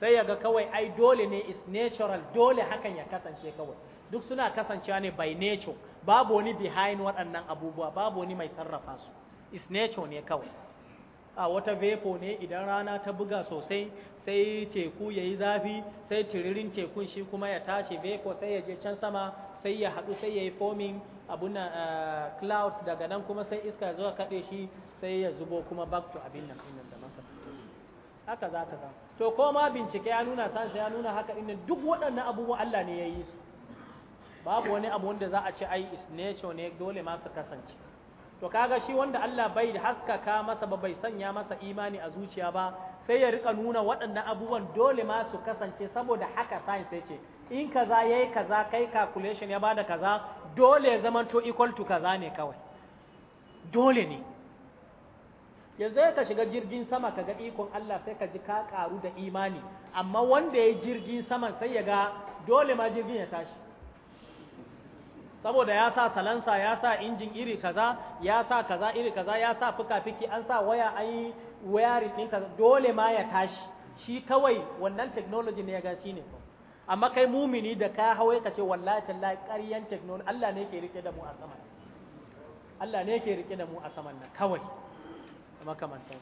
S1: sai yaga kawai ai dole ne is natural dole hakan ya kasance kawai duk suna kasancewa ne by nature babu wani behind waɗannan abubuwa babu wani mai sarrafa su is nature ne kawai a wata vapor ne idan rana ta buga sosai sai teku ya yi zafi sai tiririn tekun shi kuma ya tashi beko sai ya je can sama sai ya haɗu sai ya yi fomin abun uh, clouds daga nan kuma sai iska zuwa kaɗe shi sai ya zubo kuma back to abin nan ɗin da masa haka za ka zama to ko ma bincike ya nuna sansa ya nuna haka ɗin duk waɗannan abubuwan Allah ne ya yi su babu wani abu wanda za a ce ai is nature ne dole ma su kasance to kaga shi wanda Allah bai haskaka masa ba bai sanya masa imani a zuciya ba sai ya rika nuna waɗannan abubuwan dole ma su kasance saboda haka science sai ce in kaza yayi kaza kai calculation ya bada kaza dole ya zama to equal to kaza ne kawai dole ne yanzu ka shiga jirgin sama ka ga ikon Allah sai ka ji ka karu da imani amma wanda ya jirgin saman sai ya ga dole ma jirgin ya tashi saboda ya sa salansa ya sa injin iri kaza ya sa kaza iri kaza ya sa fuka-fiki an sa waya an yi wayarin ɗin dole ma ya tashi shi kawai wannan technology ne ya ga shi ne amma kai mumini da ka hawai ka ce wallahi tallahi ƙaryan technology Allah ne ke rike da mu a saman Allah ne ke rike da mu a saman nan kawai makamantan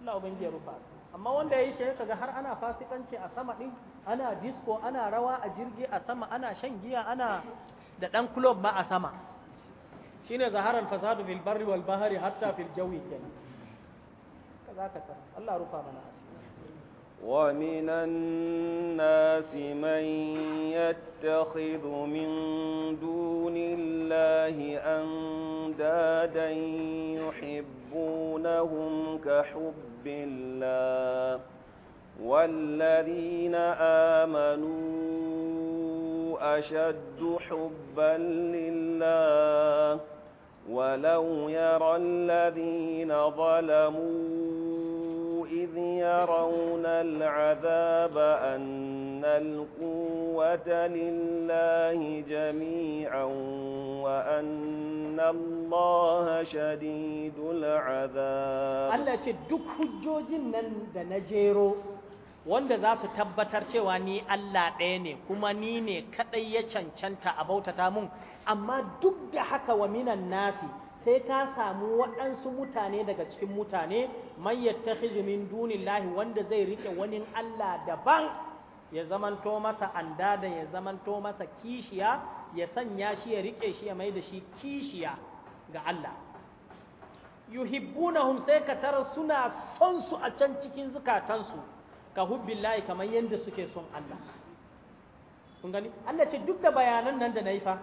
S1: Allah ubangiji ya rufa amma wanda yayi shi kaga har ana fasikanci a sama din ana disco ana rawa a jirgi a sama ana shan giya ana da ɗan kulob ma a sama shine zaharar fasadu fil barri wal bahari hatta fil jawi kenan na ka tara Allah rufa mana
S3: ومن الناس من يتخذ من دون الله أندادا يحبونهم كحب الله والذين أشد حبا لله ولو يرى الذين ظلموا إذ يرون العذاب أن القوة لله جميعا وأن الله شديد العذاب الله
S1: تدك حجوج من دنجيرو wanda za su tabbatar cewa ni Allah ɗaya ne kuma ni ne kaɗai ya cancanta a bautata mun amma duk da haka wa minan nasi sai ta samu waɗansu mutane daga cikin mutane man yattakhidhu min dunillahi wanda zai rike wani Allah daban ya zamanto masa andada ya zamanto masa kishiya ya sanya shi ya riƙe shi ya mai da shi kishiya ga Allah yuhibbunahum sai ka tara suna son su a can cikin zukatansu ka hubbillahi kamar yadda suke son Allah kun gani Allah ce duk da bayanan nan da na yi fa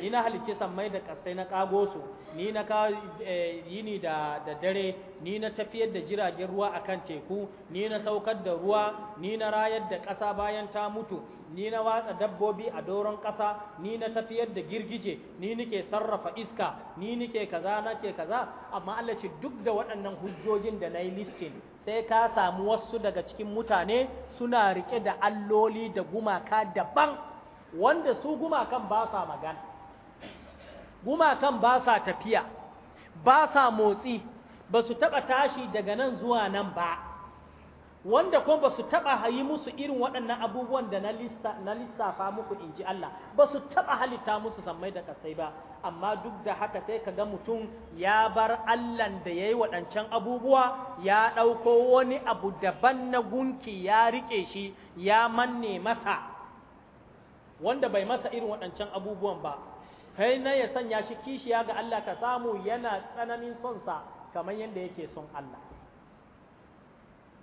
S1: ni na halicce sammai da kasai na kago su ni na ka eh, yini da dare ni na tafiyar da jiragen ruwa akan teku ni na saukar da ruwa ni na rayar da ƙasa bayan ta mutu ni na watsa dabbobi a doron ƙasa ni na tafiyar da girgije ni nake sarrafa iska ni nake kaza nake kaza amma Allah ce duk da waɗannan hujjojin da na yi listin sai ka samu wasu daga cikin mutane suna riƙe da alloli da gumaka daban wanda su gumakan ba sa magana gumakan ba sa tafiya ba sa motsi ba su taɓa tashi daga nan zuwa nan ba wanda kuma ba su taɓa yi musu irin waɗannan abubuwan da na lissafa muku in ji Allah ba su taɓa halitta musu sammai da kasai ba amma duk da haka sai ka ga mutum ya bar Allahn da ya yi waɗancan abubuwa ya ɗauko wani abu daban na gunki ya riƙe shi ya manne masa wanda bai masa irin waɗancan abubuwan ba kai na ya sanya shi kishiya ga Allah ka samu yana tsananin sonsa kamar yadda yake son Allah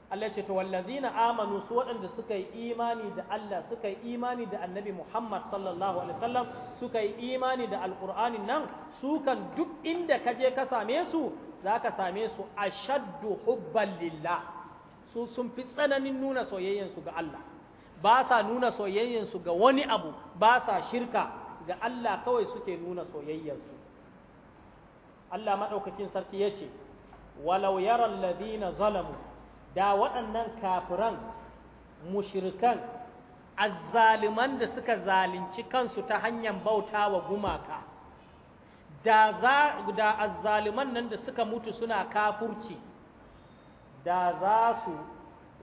S1: Allah ce to amanu su waɗanda suka yi imani da Allah suka yi imani da Annabi Muhammad sallallahu alaihi wasallam suka yi imani da Alƙur'anin nan su kan duk inda ka je ka same su zaka same su shaddu hubban lillah su sun fi tsananin nuna soyayyansu ga Allah ba sa nuna soyayyansu ga wani abu ba sa shirka ga Allah kawai suke nuna soyayyen su Allah maɗaukacin sarki yace walau yara alladhina zalamu da waɗannan kafiran mushirkan azzaliman da suka zalunci kansu ta hanyar bauta wa gumaka da za azzaliman nan da suka mutu suna kafurci da za su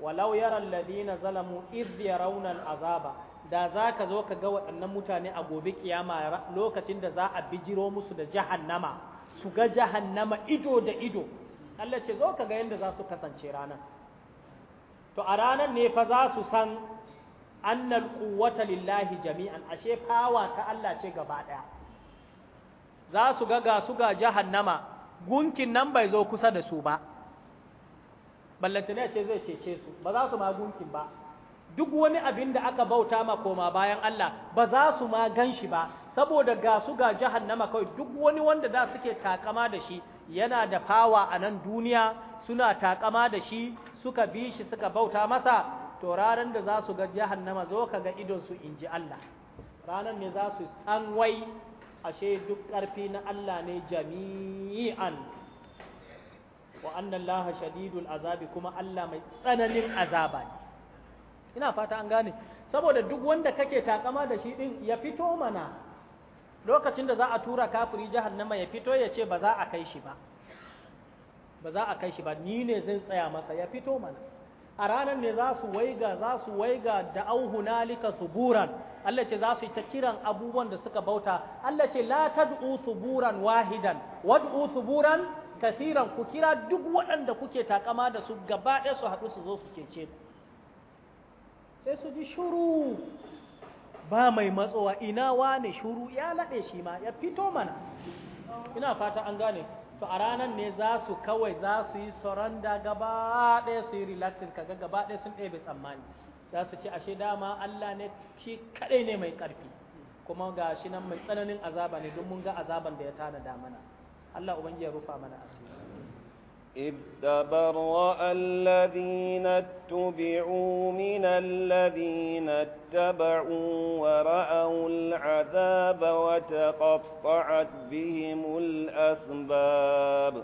S1: walau yaran ladina zalamu iz yarawna azaba, da za ka zo ka ga waɗannan mutane a gobe kiyama lokacin da za a bijiro musu da jahannama su ga jahannama ido da ido Allah ce zo ka ga yadda za su kasance ranar to a ranar ne fa za su san annal quwwata lillahi jami'an ashe fawa ta Allah ce gaba daya za su ga ga su ga jahannama gunkin nan bai zo kusa da su ba ballantane ce zai cece su ba za su ma gunkin ba duk wani abin da aka bauta ma koma bayan Allah ba za su ma gan shi ba saboda ga su ga jahannama kawai duk wani wanda za suke takama da shi yana da fawa a nan duniya suna takama da shi suka bi shi suka bauta masa to ranar da za su ga jahannama zo ka ga idon su in ji Allah ranar ne za su san wai ashe duk ƙarfi na Allah ne jami'an wa anna Allah shadidul azabi kuma Allah mai tsananin azaba ne ina fata an gane saboda duk wanda kake takama da shi din ya fito mana lokacin da za a tura kafiri jahannama ya fito ya ce ba za a kai shi ba ba za a kai shi ba ni ne zan tsaya masa ya fito mana a ranar ne za su waiga za su waiga da auhunalika suburan Allah ce za su yi ta kiran abubuwan da suka bauta Allah ce la tad'u suburan wahidan wad'u suburan kasiran ku kira duk waɗanda kuke takama da su gaba ɗaya su haɗu su zo su cece ku sai su ji shuru ba mai matsowa ina wane shuru ya laɗe shi ma ya fito mana ina fata an gane ku to a ranar ne za su kawai za su yi soranda gaba ɗaya su yi relaxing kaga gaba ɗaya sun ɗebe tsammani za su ce ashe dama Allah ne shi kaɗai ne mai ƙarfi kuma ga shi nan mai tsananin azaba ne don mun ga azaban da ya tana damana mana
S3: Allah ubangiji ya rufa mana asiri إذ تبرأ الذين اتبعوا من الذين اتبعوا ورأوا العذاب وتقطعت بهم الأسباب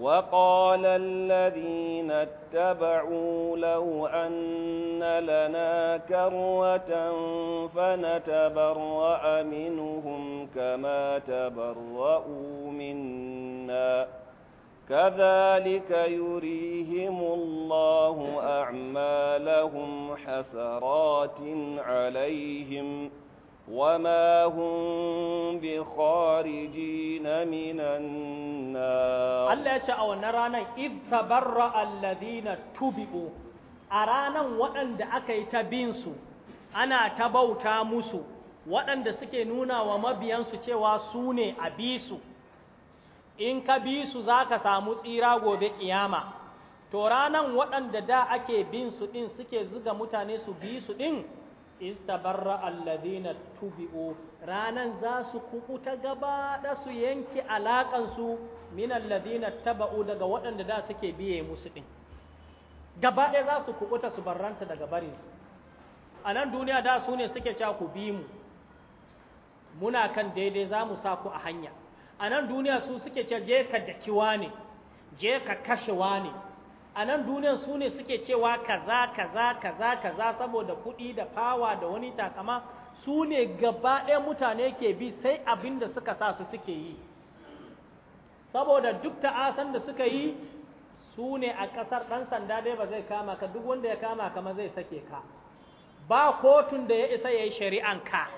S3: وقال الذين اتبعوا لو أن لنا كروة فنتبرأ منهم كما تبرأوا منا كذلك يريهم الله أعمالهم حسرات عليهم وما هم بخارجين من النار الله
S1: يشاء نرانا إذ تبرأ الذين تبعوا أرانا وأن دعكي تبينسوا أنا تبوتا مسوا waɗanda suke nuna wa mabiyansu cewa su ne a bi su in ka bi su za ka samu tsira gobe ƙiyama to ranan waɗanda da ake bin su ɗin suke zuga mutane su bi su ɗin istabarra alladhina tubi'u ranan za su ta gaba da su yanke alaƙansu su min alladhina taba'u daga waɗanda da suke biye musu ɗin gaba ɗaya za su ta su barranta daga barin su a nan duniya da su ne suke cewa ku bi mu muna kan daidai za mu sa ku a hanya a nan duniya su suke ce je ka daki wane je ka kashe wane a nan duniyan su ne suke cewa kaza kaza kaza kaza saboda kuɗi da fawa da wani takama su ne gaba ɗaya mutane ke bi sai abin da suka sa su suke yi saboda duk ta'asan da suka yi su ne a ƙasar ɗan sanda dai ba zai kama ka duk wanda ya kama kama zai sake ka ba kotun da ya isa ya yi shari'an ka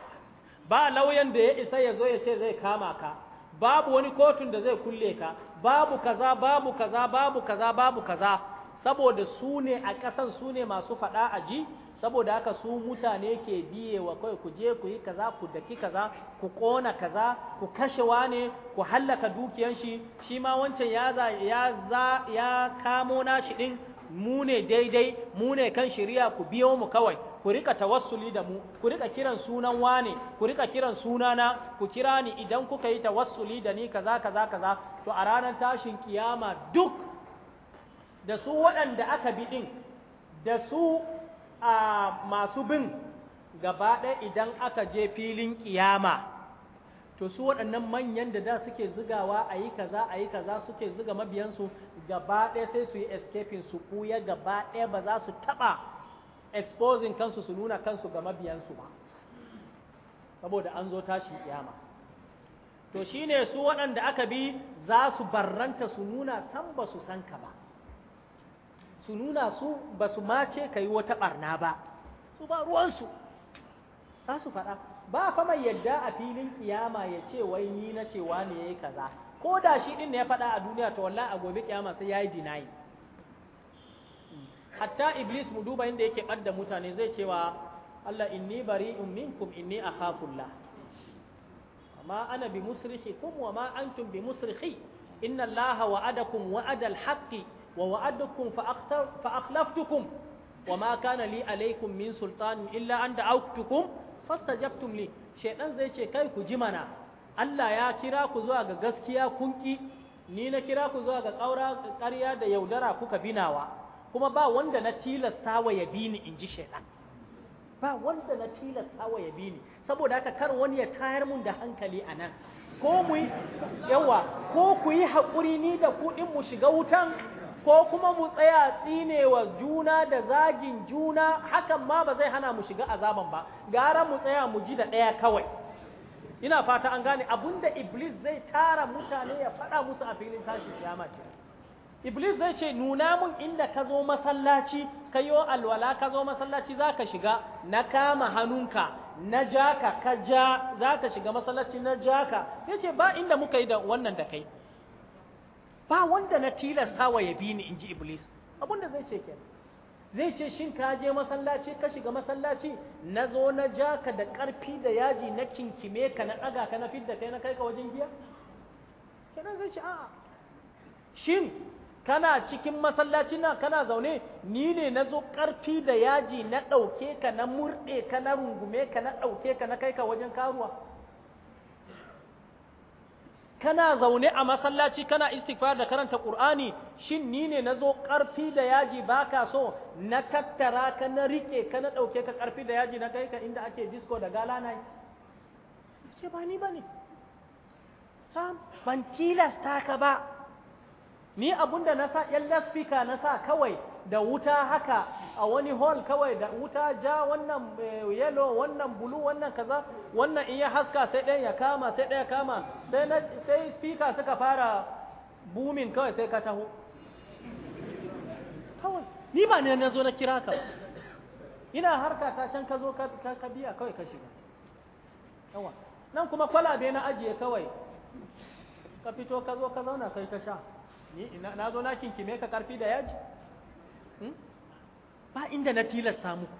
S1: ba lauyan da ya isa ya zo ya ce zai kama ka babu wani kotun da zai kulle ka babu kaza babu kaza babu kaza babu kaza saboda su ne a ƙasan su ne masu faɗa a ji saboda haka su mutane ke biye wa kai ku je ku yi kaza ku daki kaza ku kona kaza ku kashe wane ku hallaka dukiyan shi shi ma wancan ya za ya za ya kamo nashi din mu ne daidai mu ne kan shari'a ku biyo mu kawai ku rika tawassuli da mu ku rika kiran sunan wane ku rika kiran sunana ku kira ni idan kuka yi tawassuli da ni kaza kaza kaza to a ranar tashin kiyama duk da su waɗanda aka bi din da su a masu bin gaba ɗaya idan aka je filin kiyama to su waɗannan manyan da da suke zugawa a yi kaza a yi kaza suke zuga mabiyansu gaba ɗaya sai su yi escaping su ɓuya gaba ɗaya ba za su taɓa exposing kansu su nuna kansu ga mabiyansu ba saboda an zo tashi kiyama to shine su waɗanda aka bi za su barranta su nuna san ba su san ka ba su nuna su ba su mace ka wata barna ba su ba ruwansu za su faɗa ba fa mai yadda a filin kiyama ya ce wai ni na cewa ne ya yi kaza ko da shi ɗin ne ya faɗa a duniya to wallahi a gobe kiyama sai ya yi dinayi hatta iblis mu duba inda yake ɓadda mutane zai cewa Allah inni bari'un minkum inni akhafullah amma ana bi musrihikum wa ma antum bi musrihi inna Allah wa'adakum wa'ada al-haqqi wa wa'adakum fa akhlaftukum wa ma kana li min sultan illa an da'awtukum fastajabtum li shedan zai ce kai ku ji mana Allah ya kira ku zuwa ga gaskiya kunki ni na kira ku zuwa ga ƙaura ƙarya da yaudara kuka binawa kuma ba wanda na tilasta wa ya bi ni in ji shaidan ba wanda na tilasta wa ya bi ni saboda haka kar wani ya tayar mun da hankali a nan ko mu yawa ko ku yi haƙuri ni da kuɗin mu shiga wutan ko kuma mu tsaya tsinewa juna da zagin juna hakan ma ba zai hana mu shiga azaban ba gara mu tsaya mu ji da ɗaya kawai ina fata an gane abinda iblis zai tara mutane ya faɗa musu a filin tashi kiyama ce iblis zai ce nuna mun inda ka zo masallaci ka yi alwala ka zo masallaci za ka shiga na kama hannunka na ja ka ka ja za ka shiga masallaci na ja ka ya ce ba inda muka yi da wannan da kai ba wanda na tilasta wa ya bi ni in ji iblis da zai ce kenan zai ce shin ka je masallaci ka shiga masallaci na zo na ja ka da ƙarfi da yaji na kinkime ka na ɗaga ka na fidda kai na kai ka wajen giya kenan zai ce a'a shin kana cikin masallaci na kana zaune ni ne na zo ƙarfi da yaji na ɗauke ka na murɗe ka na rungume ka na ɗauke ka na kai ka wajen karuwa kana zaune a masallaci kana istighfar da karanta Qur'ani shin ni ne na zo karfi da yaji baka so na tattara ka na rike ka na dauke ka karfi da yaji na kai ka inda ake disco da gala nai ce ba ni bane sam ban tilasta ka ba ni abunda na sa yan laspika na sa kawai da wuta haka a wani hall kawai da wuta ja wannan eh, yellow wannan blue wannan kaza wannan in ya haska sai ɗaya ya kama sai ɗaya kama sai na sai speaker suka fara booming kawai sai ka taho kawai ni ba ne na zo na kira ka ina harka ta can ka zo ka ka biya kawai ka shiga yawa nan kuma kwalabe na ajiye kawai ka fito ka zo ka zauna kai ka sha na zo na kinkime ka karfi da yaji hmm? ba inda na tilasta muku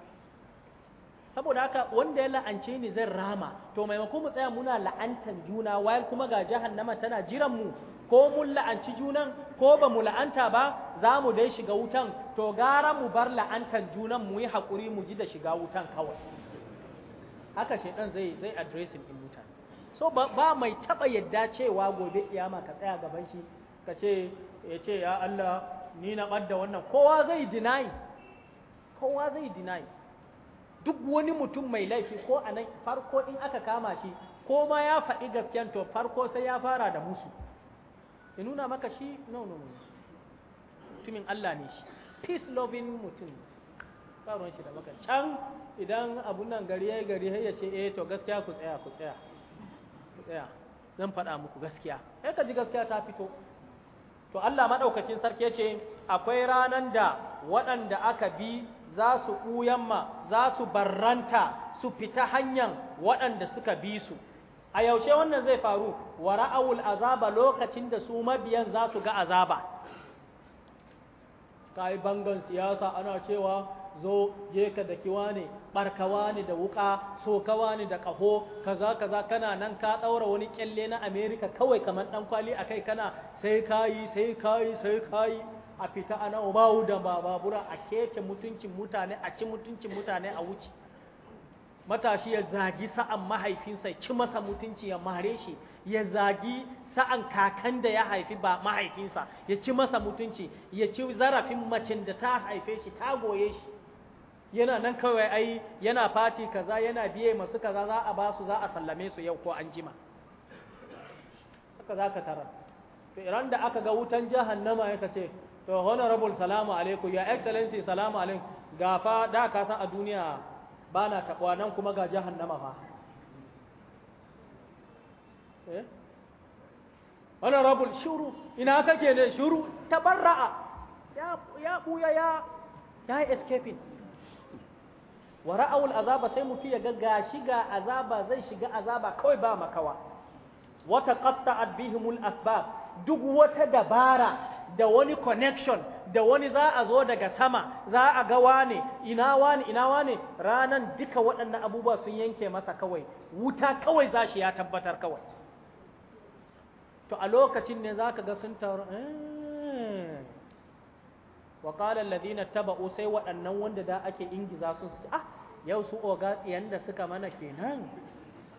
S1: saboda haka wanda ya la'ance ni zan rama to maimakon mu tsaya muna la'antan juna wayar kuma ga jahannama tana jiran mu ko mun la'anci junan ko ba mu la'anta ba za mu dai shiga wutan to gara mu bar la'antan junan mu yi haƙuri mu ji da shiga wutan kawai haka shaidan zai zai addressing in mutane so ba, mai taɓa yadda cewa gobe kiyama ka tsaya gaban shi ka ce ya ce ya Allah ni na ɓadda wannan kowa zai dinayi, kowa zai dinayi. duk wani mutum mai laifi ko a nan farko in aka kama shi ko ma ya faɗi gaskiyan to farko sai ya fara da musu ya nuna maka shi no no no mutumin Allah ne shi peace loving mutum faruwan shi da maka can idan abun nan gari yi gari ya ce eh to gaskiya ku tsaya ku tsaya ku tsaya zan faɗa muku gaskiya ya ka ji gaskiya ta fito to Allah madaukakin sarki yace akwai ranan da waɗanda aka bi za su ɓuyanma za su barranta su fita hanyar waɗanda suka bi su a yaushe wannan zai faru wa ra'awul azaba lokacin da su mabiyan za su ga azaba kai bangon siyasa ana cewa zo je ka da kiwa ne barkawa ne da wuka sokawa ne da kaho kaza kaza kana nan ka daura wani kyalle na America kawai kamar dan kwali akai kana sai kayi sai kayi sai kayi a fita ana bawu da babura a keke mutuncin mutane a ci mutuncin mutane a wuce matashi ya zagi sa'an mahaifinsa ci masa mutunci ya mare shi ya zagi sa'an kakan da ya haifi ba mahaifinsa ya ci masa mutunci ya ci zarafin macin da ta haife shi ta goye shi yana nan kawai ai yana fati kaza yana biye masu kaza za a ba su za a sallame su yau ko an jima haka za ka tarar ran da aka ga wutan jahannama ya ce to honorable salamu alaikum ya excellency salamu alaikum ga fa da ka san a duniya ba na taɓuwa nan kuma ga jahannama fa eh honorable shuru ina kake ne shuru tabarra'a ya ya buya ya ya escaping wa ra'awul azaba sai mutu ya ga gashi ga azaba zai shiga azaba kawai ba makawa wa taqatta'at bihimul asbab duk wata dabara da wani connection da wani za a zo daga sama za a ga wane ina wane ina wane ranan duka waɗannan abubuwa sun yanke masa kawai wuta kawai za shi ya tabbatar kawai to a lokacin ne za ka ga sun taru eh. wa ƙalar ladina taba sai waɗannan wanda da ake ingiza sun su ah yau su oga tsiyan da suka mana kenan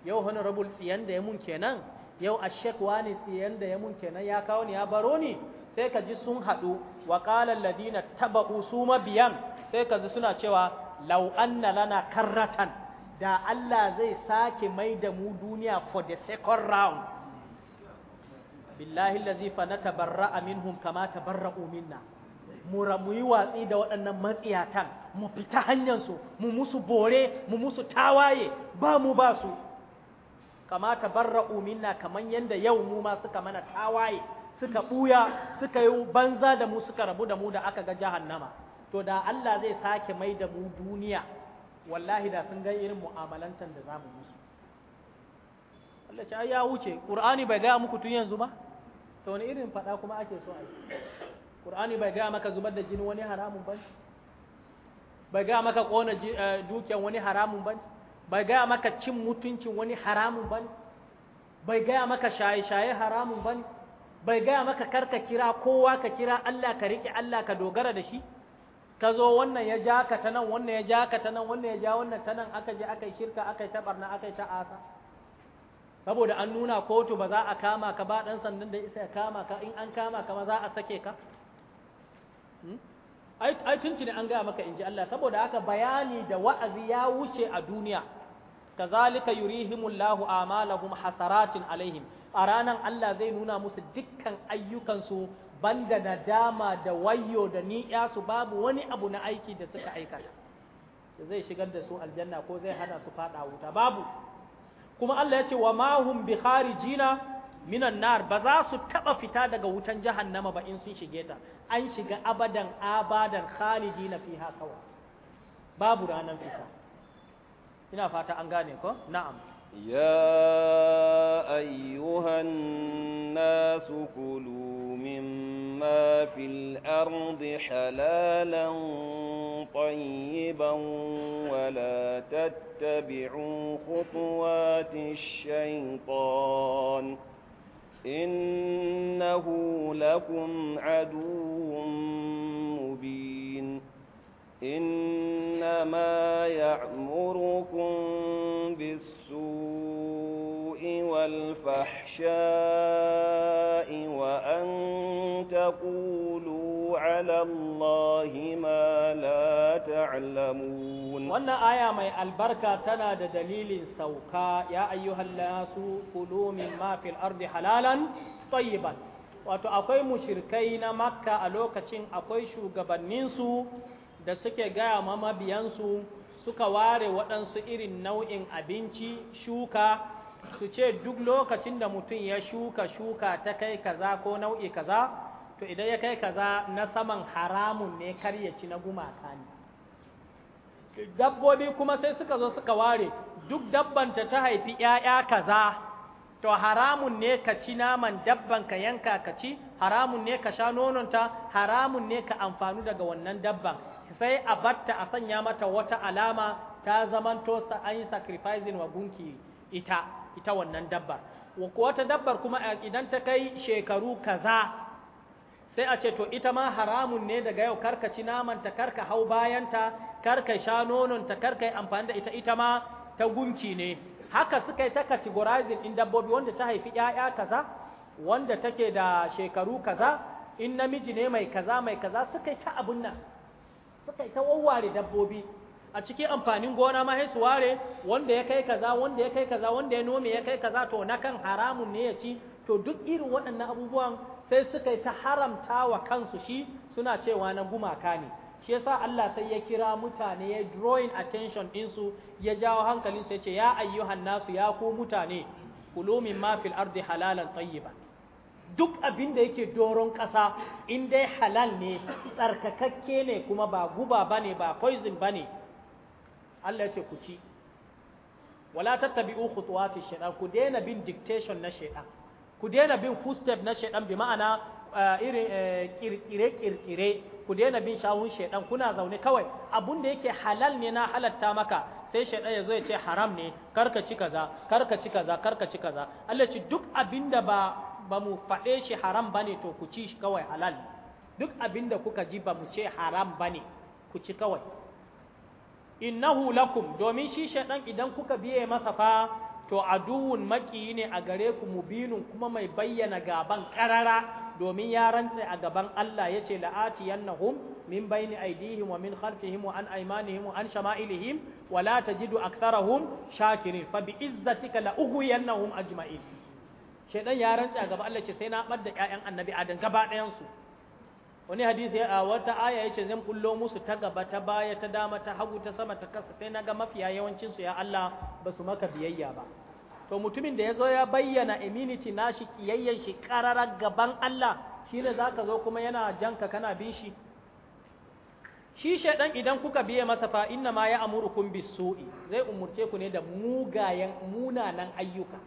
S1: yau honorable tsiyan da ya mun kenan yau shek wani tsiyan da ya mun nan ya kawo ni ya baro ni sai ka ji sun haɗu wa ƙalar ladina taba'u su mabiyan sai ka ji suna cewa law anna lana karratan da Allah zai sake mai da mu duniya for the second round billahi allazi fa natabarra'a minhum kama tabarra minna mu ramuyi watsi da waɗannan matsiyatan mu fita hanyar su mu musu bore mu musu tawaye ba mu ba su kama barra umina kaman yanda yau mu ma suka mana tawaye suka buya suka yi banza da mu suka rabu da mu da aka ga jahannama to da Allah zai sake mai da mu duniya wallahi da sun ga irin mu'amalantan da zamu yi Allah ce ya wuce Qur'ani bai ga muku tun yanzu ba to wani irin fada kuma ake so yi Qur'ani bai ga maka zubar da jini wani haramun ba bai ga maka kona eh, dukiyan wani haramun ba bai gaya maka cin mutuncin wani haramun bane bai gaya maka shaye-shaye haramun bane bai gaya maka karka kira kowa ka kira Allah ka riƙe Allah ka dogara da shi ka zo wannan ya ja ka ta nan wannan ya ja ka ta nan wannan ya ja wannan ta nan aka je aka yi shirka aka yi tabarna aka yi ta asa saboda an nuna kotu ba za a kama ka ba ɗan sandan da isa ya kama ka in an kama ka ma za a sake ka hmm? ai tunci ne an gaya maka in ji Allah saboda haka bayani da wa'azi ya wuce a duniya kazalika yurihimullahu amalahum hasaratin alaihim a ranan Allah zai nuna musu dukkan ayyukansu banda na dama da wayo da ni'ya su babu wani abu na aiki da suka aikata zai shigar da su aljanna ko zai hana su fada wuta babu kuma Allah ya ce wa ma Bihari jina kharijina minan ba za su taɓa fita daga wutan nama ba in sun shige ta an shiga abadan abadan khalidina fiha kawai babu ranar fita ina fata an gane
S3: يا أيها الناس كلوا مما في الأرض حلالا طيبا ولا تتبعوا خطوات الشيطان إنه لكم عدو مبين إنما يعمركم بالسوء والفحشاء وأن تقولوا على الله ما لا تعلمون wannan aya mai albarka tana da dalilin sauka
S1: ya ayyuhal lasu kulu mimma ardi halalan tayyiban wato akwai mushrikai na makka a lokacin akwai shugabanninsu su da suke gaya ma mabiyansu suka ware waɗansu irin nau'in abinci shuka su ce duk lokacin da mutum ya shuka shuka ta kai kaza ko nau'i kaza to idan ya kai kaza na saman haramun ne kar ci na gumaka ne dabbobi kuma sai suka zo suka ware duk dabbanta ta haifi 'ya'ya kaza to haramun ne ka ci naman dabban ka yanka ka ci haramun ne ka sha nononta haramun ne ka amfanu daga wannan dabban sai a batta a sanya mata wata alama ta zamanto sa an yi sacrificing wa gunki ita ita wannan dabbar wata dabbar kuma idan ta kai shekaru kaza sai a ce to ita ma haramun ne daga yau karka ci namanta karka hau bayanta karka sha nononta karka yi amfani da ita ita ma ta gunki ne haka suka yi ta categorizing in dabbobi wanda ta haifi 'ya'ya kaza wanda take da shekaru kaza in namiji ne mai kaza mai kaza suka yi ta abun nan suka yi ta wawware dabbobi a cikin amfanin gona ma haisu ware wanda ya kai kaza wanda ya kai kaza wanda ya nome ya kai kaza to na kan haramun ne ya ci to duk irin waɗannan abubuwan sai suka yi ta haramta wa kansu shi suna cewa na gumaka ne shi yasa Allah sai ya kira mutane ya drawing attention su, ya jawo hankalin su ya ce ya ayyuhan nasu ya ku mutane kulumin ma fil ardi halalan tayyiban duk abin da yake doron ƙasa in dai halal ne tsarkakakke ne kuma ba guba ba ne ba poison ba ne Allah ya ce ku ci wala tattabi'u khutuwati shaytan ku daina bin dictation na shaytan ku daina bin footstep na shaytan bi ma'ana eh, irin eh, kirkire kirkire ku daina bin shawun shaytan kuna zaune kawai abun da yake halal ne na halatta maka sai shaɗa ya zo ya ce haram ne karka ci kaza karka ci kaza karka ci kaza Allah ci duk abinda ba ba mu faɗe shi haram bane to ku ci shi kawai halal duk abinda kuka ji ba mu ce haram bane ku ci kawai innahu lakum domin shi shaɗan idan kuka biye masa fa to aduwun maki ne a gare ku mubinun kuma mai bayyana gaban karara domin ya rantse a gaban Allah yace yannahum min baini aydihim wa min khalfihim wa an aymanihim wa an shama'ilihim wa la tajidu aktharahum shakirin fa bi izzatika la ughwiyannahum ajma'in shedan ya rantsa gaba Allah ce sai na bar da ƴaƴan annabi adam gaba ɗayan su wani hadisi a wata aya yace zan kullo musu ta gaba ta baya ta dama ta hagu ta sama ta kasa sai naga mafiya yawancin su ya Allah basu maka biyayya ba to mutumin da ya zo ya bayyana immunity nashi kiyayyen shi kararar gaban Allah shine zaka zo kuma yana janka kana bin shi shi shaidan idan kuka biye masa fa inna ma ya amurukum bisu'i zai umurce ku ne da mugayen munanan ayyuka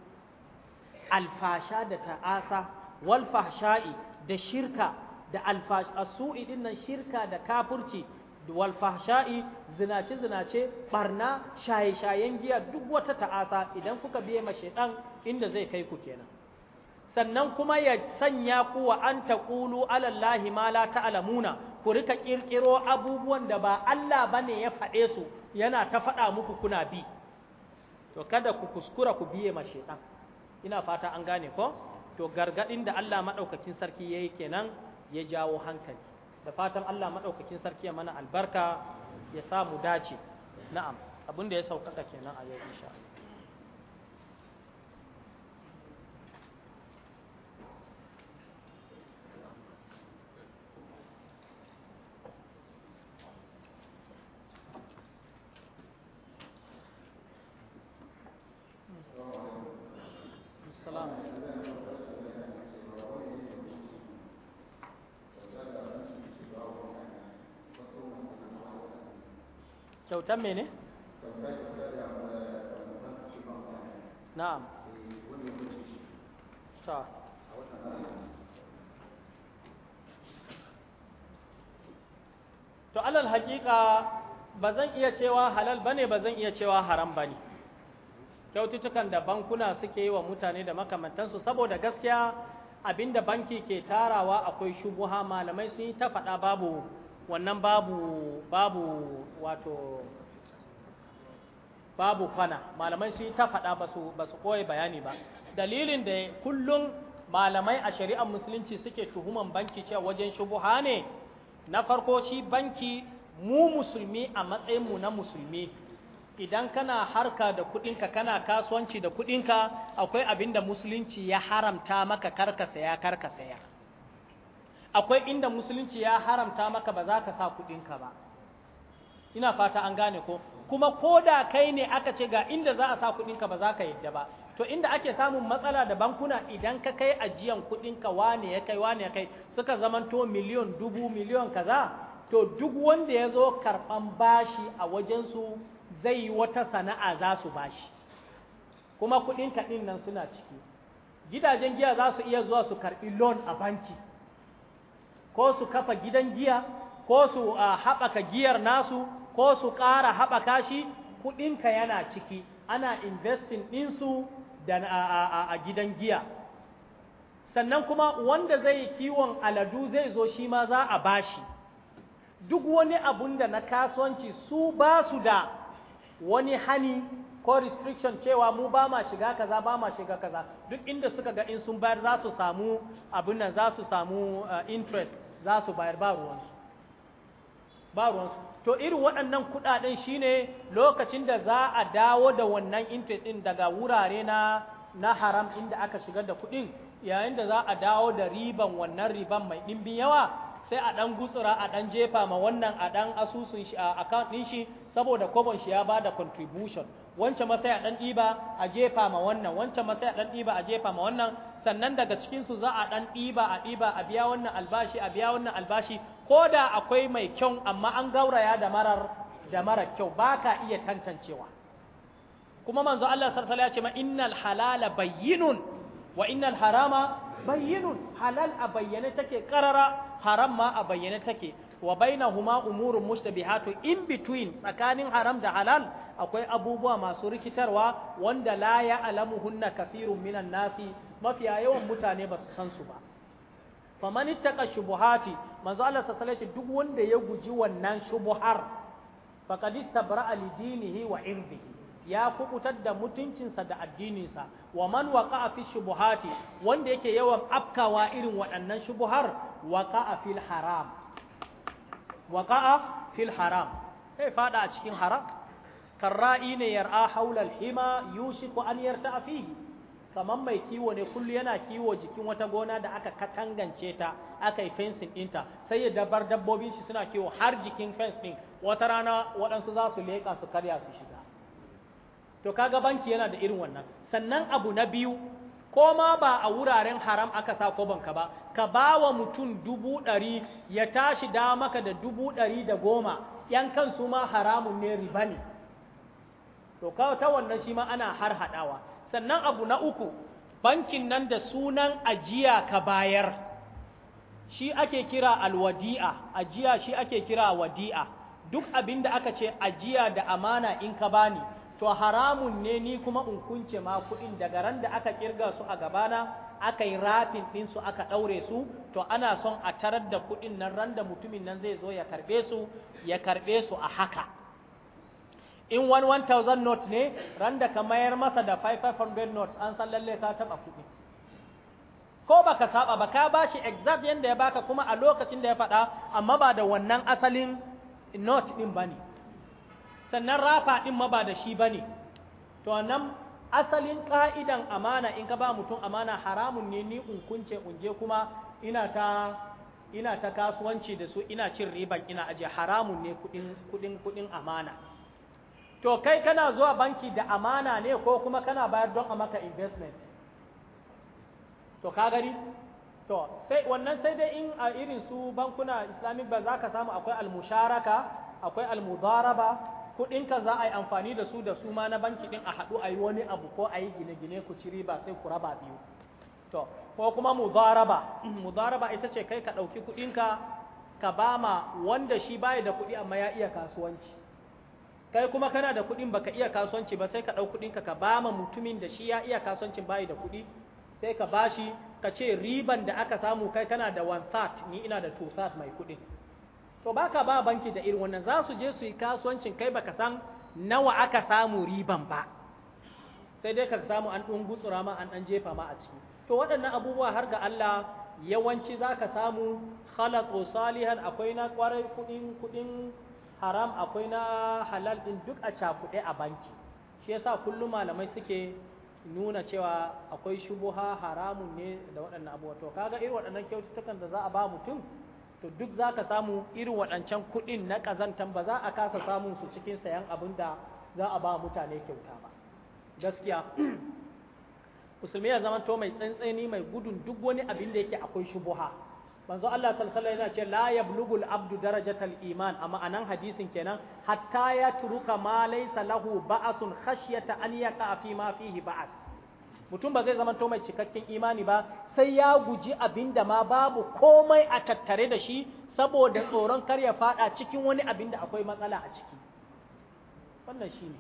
S1: alfasha da ta'asa wal fahsha'i da shirka da alfasu'i din nan shirka da kafurci wal fahsha'i zinace zinace barna shaye shayen giya duk wata ta'asa idan kuka biye ma shaidan inda zai kai ku kenan sannan kuma ya sanya ku wa an taqulu ala allahi ma la ta'lamuna ku rika ƙirƙiro abubuwan da ba Allah ba ne ya faɗe su yana ta faɗa muku kuna bi to kada ku kuskura ku biye ma shaitan ina fata an gane ko to gargadin da Allah maɗaukakin sarki yayi kenan ya jawo hankali da fatan Allah maɗaukakin sarki ya mana albarka ya samu dace na'am abin da ya sauƙaƙa kenan a yau insha Allah kyautan mene na'am ta to alal hakika ba iya cewa halal bane bazan iya cewa haram bane kyaututtukan da bankuna suke yi wa mutane da makamantansu saboda gaskiya abinda banki ke tarawa akwai shubuha malamai sun yi ta faɗa babu wannan babu babu wato babu kwana malamai sun ta faɗa ba su koyi bayani ba dalilin da kullum malamai a shari'ar musulunci suke tuhuman banki cewa wajen shubuha ne na farko shi banki mu musulmi a matsayin mu na musulmi idan kana harka da kuɗinka kana kasuwanci da kuɗinka akwai abin da musulunci ya haramta maka karka saya karka saya akwai inda musulunci ya haramta maka ba za ka sa ka ba ina fata an gane ko kuma ko da kai ne aka ce ga inda za a sa kuɗinka ba za ka yadda ba to inda ake samun matsala da bankuna idan ka kai ajiyan ka wane ya kai wane ya kai suka zamanto miliyon dubu miliyon kaza to duk wanda ya zo karɓan bashi a wajen su zai yi wata sana'a za su bashi kuma kuɗinka ɗin nan suna ciki gidajen giya za su iya zuwa su karɓi loan a banki ko su kafa gidan giya ko su haɓaka giyar nasu ko su ƙara haɓaka shi kuɗinka yana ciki ana investing ɗinsu da a gidan giya sannan kuma wanda zai yi kiwon aladu zai zo shi ma za a bashi duk wani abun da na kasuwanci su ba su da wani hani ko restriction cewa mu ba ma shiga kaza ba ma shiga kaza duk inda suka ga in sun bayar za su samu abin nan za su samu eh, interest za su bayar ba ruwansu ba ruwansu to irin waɗannan kuɗaɗen shine lokacin da za a dawo da wannan interest ɗin daga wurare na na haram inda aka shigar da kuɗin yayin da za a dawo da riban wannan riban mai ɗimbin yawa sai a ɗan gutsura a ɗan jefa ma wannan a ɗan asusun shi a account ɗin shi saboda kwabon shi ya bada contribution wancan ma sai a ɗan ɗiba a jefa ma wannan wancan ma sai a ɗan ɗiba a jefa ma wannan sannan daga cikinsu za a ɗan ɗiba a ɗiba a biya wannan albashi a biya wannan albashi ko da akwai mai kyau amma an gauraya da marar da mara kyau ba ka iya tantancewa kuma manzo Allah sarsala ya ce ma innal halala bayyinun wa innal harama bayyinun halal a bayyane take karara haram ma a bayyane take wa bainahuma umurun mushtabihatu in between tsakanin haram da halal akwai abubuwa masu rikitarwa wanda la ya'lamuhunna kathirun minan nasi mafiya yawan mutane ba su san su ba faman ittaqa shubuhati manzo Allah sallallahu duk wanda ya guji wannan shubuhar faqad istabra'a li dinihi wa irdihi ya kubutar da mutuncinsa da addininsa wa man waqa'a fi shubuhati wanda yake yawan afkawa irin waɗannan shubuhar waqa'a fil haram waqa'a fil haram sai fada a cikin haram karra'i ne yar'a haulal hima yushiku an yarta fihi kaman mai kiwo ne kullu yana kiwo jikin wata gona da aka katangance ta aka yi fencing ɗinta sai ya dabar dabbobin shi suna kiwo har jikin fens ɗin wata rana waɗansu za su leƙa su karya su shiga to kaga banki yana da irin wannan sannan abu na biyu ko ma ba a wuraren haram aka sa ko banka ba ka ba wa mutum dubu ɗari ya tashi da da dubu ɗari da goma ‘yan kansu ma haramun ne riba ne to kawo ta wannan shi ma ana har haɗawa sannan abu na uku bankin nan da sunan ajiya ka bayar shi ake kira alwadi'a ajiya shi ake kira wadi'a duk abin da aka ce ajiya da amana in ka bani to haramun ne ni kuma in kunce ma kuɗin daga ran da aka kirga su a gabana aka yi rafin ɗinsu aka ɗaure su to ana son a tarar da kuɗin nan ran da mutumin nan zai zo ya karɓe su ya karɓe su a haka in wani 1000 note ne ran da ka mayar masa da 500 notes an san lalle ka taɓa kuɗi ko baka saba ba ka bashi exact yadda ya baka kuma a lokacin da ya faɗa amma ba da wannan asalin note ɗin ne. sannan rafa ɗin ma ba da shi ba ne to nan asalin ka'idan amana in ka ba mutum amana haramun ne ni in kunce kuma ina ta kasuwanci da su ina cin riban ina aje haramun ne kudin kudin amana to kai kana zuwa banki da amana ne ko kuma kana bayar don a maka investment to ka gari to sai wannan sai dai in a irin su bankuna islamic ba za ka samu akwai almusharaka akwai almudaraba kuɗinka za a yi amfani da su da su ma na banki ɗin a haɗu a yi wani abu ko a yi gine-gine ku ci riba sai ku raba biyu to ko kuma mu zaraba. (clears throat) Mu zaraba ita ce kai ka ɗauki kuɗinka ka ba ma wanda shi baya da kuɗi amma ya iya kasuwanci kai kuma kana da kuɗin baka iya kasuwanci ba sai ka ɗau kuɗinka ka ba ma mutumin da shi ya iya kasuwancin baya da kuɗi sai ka bashi ka ce riban da aka samu kai kana da one third ni ina da two third mai kuɗin to baka ba banki da irin wannan za su je su yi kasuwancin kai baka san nawa aka samu riban ba sai dai ka samu an dungu tsura ma an ɗan jefa ma a ciki to waɗannan abubuwa har ga Allah yawanci zaka ka samu khalaqu salihan akwai na kwarai kuɗin kudin haram akwai na halal ɗin duk a cakuɗe a banki shi yasa kullum malamai suke nuna cewa akwai shubuha haramun ne da waɗannan abubuwa to kaga irin waɗannan kyaututtukan da za a ba mutum to duk za ka samu irin waɗancan kuɗin na ƙazantan ba za a kasa samun su cikin sayan abin da za a ba mutane kyauta ba gaskiya (clears throat) musulmi ya zamanto mai tsantsani mai gudun duk wani abin da yake akwai shubuha manzo Allah sallallahu yana ce la yablugul abdu darajatal iman a anan hadisin kenan hatta ya turuka ma laysa lahu ba'asun khashyata an yaqa fi ma fihi ba'as mutum ba zai zama to mai cikakken imani ba sai ya guji abin da ma babu komai a tattare da shi saboda tsoron kar ya fada cikin wani abin da akwai matsala a ciki wannan shi ne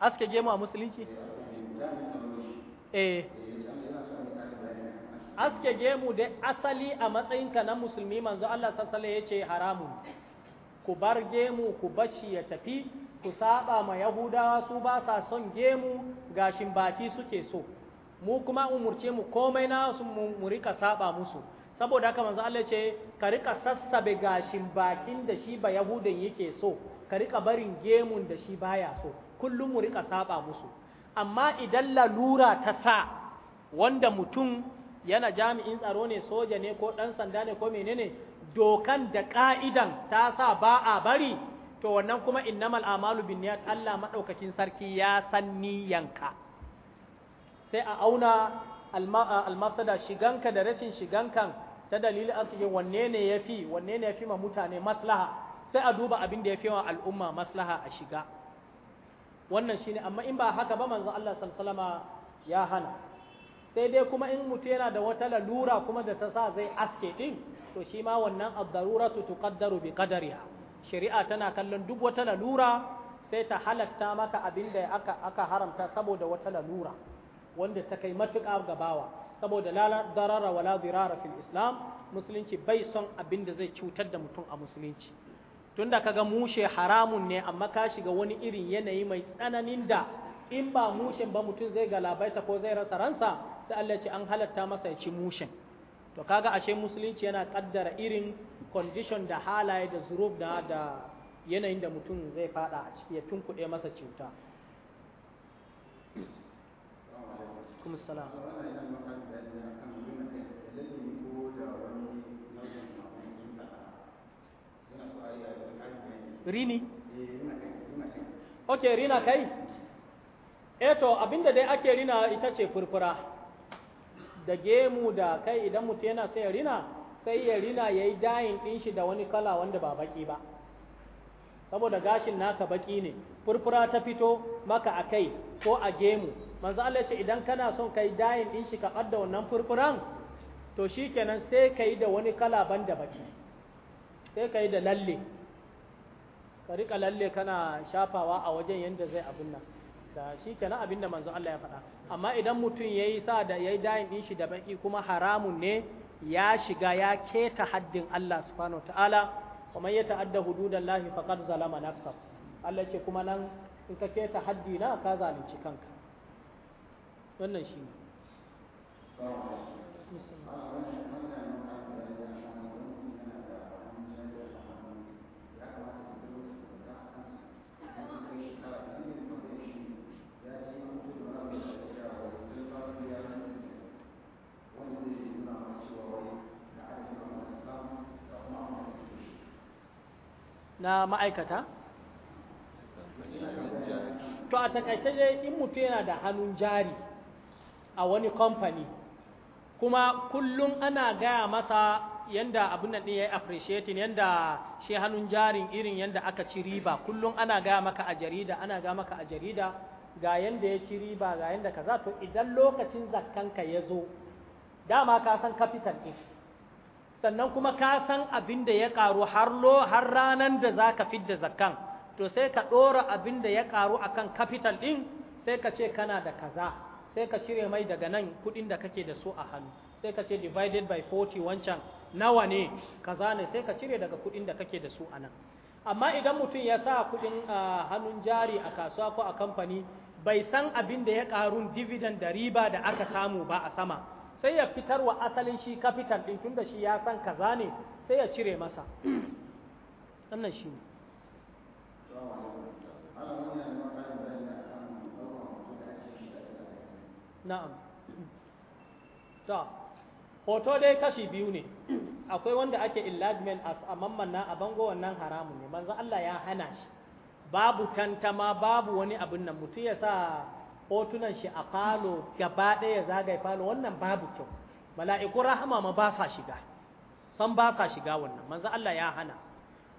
S1: aske gemu a musulunci? eh aske gemu da asali a matsayinka na musulmi manzo Allah sassale ya ce haramun ku bar gemu ku bashi ya tafi ku saba ma yahudawa su ba sa son gemu gashin baki suke so mu kuma umurce mu komai na su mu rika saba musu saboda haka manzo Allah ce ka rika sassabe gashin bakin da shi ba yahudan yake so ka rika barin gemun da shi baya so kullum mu rika saba musu amma idan lalura ta sa wanda mutum yana jami'in tsaro ne soja ne ko ɗan sanda ne ko menene dokan da ka'idan ta sa ba a bari to wannan kuma innamal amalu binniyat Allah madaukakin sarki ya san niyanka sai a auna almafsada shiganka da rashin shigankan ta dalilin asiri wanne ne yafi wanne ne yafi ma mutane maslaha sai a duba abin da yafi wa al'umma maslaha a shiga wannan shine amma in ba haka ba manzo Allah sallallahu alaihi wasallama ya hana sai dai kuma in mutu yana da wata lalura kuma da ta sa zai aske ɗin to shi ma wannan addaruratu tuqaddaru bi ƙadariya shari'a tana kallon duk wata lalura sai ta halatta maka abin da aka aka haramta saboda wata lalura wanda ta kai matuƙa gabawa saboda la darara wala dirara fil islam musulunci bai son abin da zai cutar da mutum a musulunci tunda kaga mushe haramun ne amma ka shiga wani irin yanayi mai tsananin da in ba mushen ba mutum zai galabaita ko zai rasa ransa sai Allah ce an halatta masa ya ci mushin to kaga ashe musulunci yana kaddara irin condition da halaye da zuruf da da yanayin da mutum zai fada a ciki ya tunkuɗe masa cuta kuma salam rini ok rina kai eto eh abinda dai ake rina ita ce furfura da gemu da kai idan mutum yana sai ya rina sai ya rina ya yi dayin ɗin da wani kala wanda ba baki ba saboda gashin naka baki ne furfura ta fito maka a kai ko a gemu manzo Allah ce idan kana son kai dayin ɗin shi ka ɓadda wannan furfuran to shikenan sai ka yi da wani kala banda baki sai ka yi da lalle ka riƙa lalle kana shafawa a wajen yadda zai abin nan da shi kenan abin da manzo Allah ya faɗa amma idan mutum ya yi sa da yayi dayin din shi da baki kuma haramun ne ya shiga ya keta haddin Allah subhanahu ta'ala kuma ya ta'adda hududallahi faqad zalama nafsa Allah ce kuma nan in ka keta haddi na ka zalunci kanka wannan shi ne na ma'aikata to a takaice dai in mutu yana da hannun jari a wani kamfani kuma kullum ana gaya masa yanda abin ɗin ya yi appreciating yanda shi hannun jarin irin yanda aka ci riba kullum ana gaya maka a jarida ana gaya maka a jarida ga yanda ya ci riba ga yanda kaza to idan lokacin zakkanka ya zo dama ka san capital ɗin sannan kuma ka san abin da ya ƙaru har ranar da za ka fidda zakkan to sai ka ɗora abin da ya ƙaru akan capital ɗin sai ka ce kana da kaza sai ka cire mai daga nan kuɗin da kake da su a hannu sai ka ce divided by 40 wancan nawa ne kaza ne sai ka cire daga kuɗin da kake da su a nan amma idan mutum ya sa kuɗin hannun jari a kasuwa ko a kamfani bai san abin da ya ƙarun dividend da riba da aka samu ba a sama sai ya fitar wa asalin shi capital ɗin tun da shi ya san kaza ne sai ya cire masa wannan shi na'am ta hoto dai kashi biyu ne akwai wanda ake enlargement as a mamman na a bango wannan haramun ne manzo Allah ya hana shi babu tantama babu wani abin nan mutum ya sa hotunan shi a falo gaba ɗaya zagaye falo wannan babu kyau mala'iku rahama ma ba sa shiga san ba sa shiga wannan manzo Allah ya hana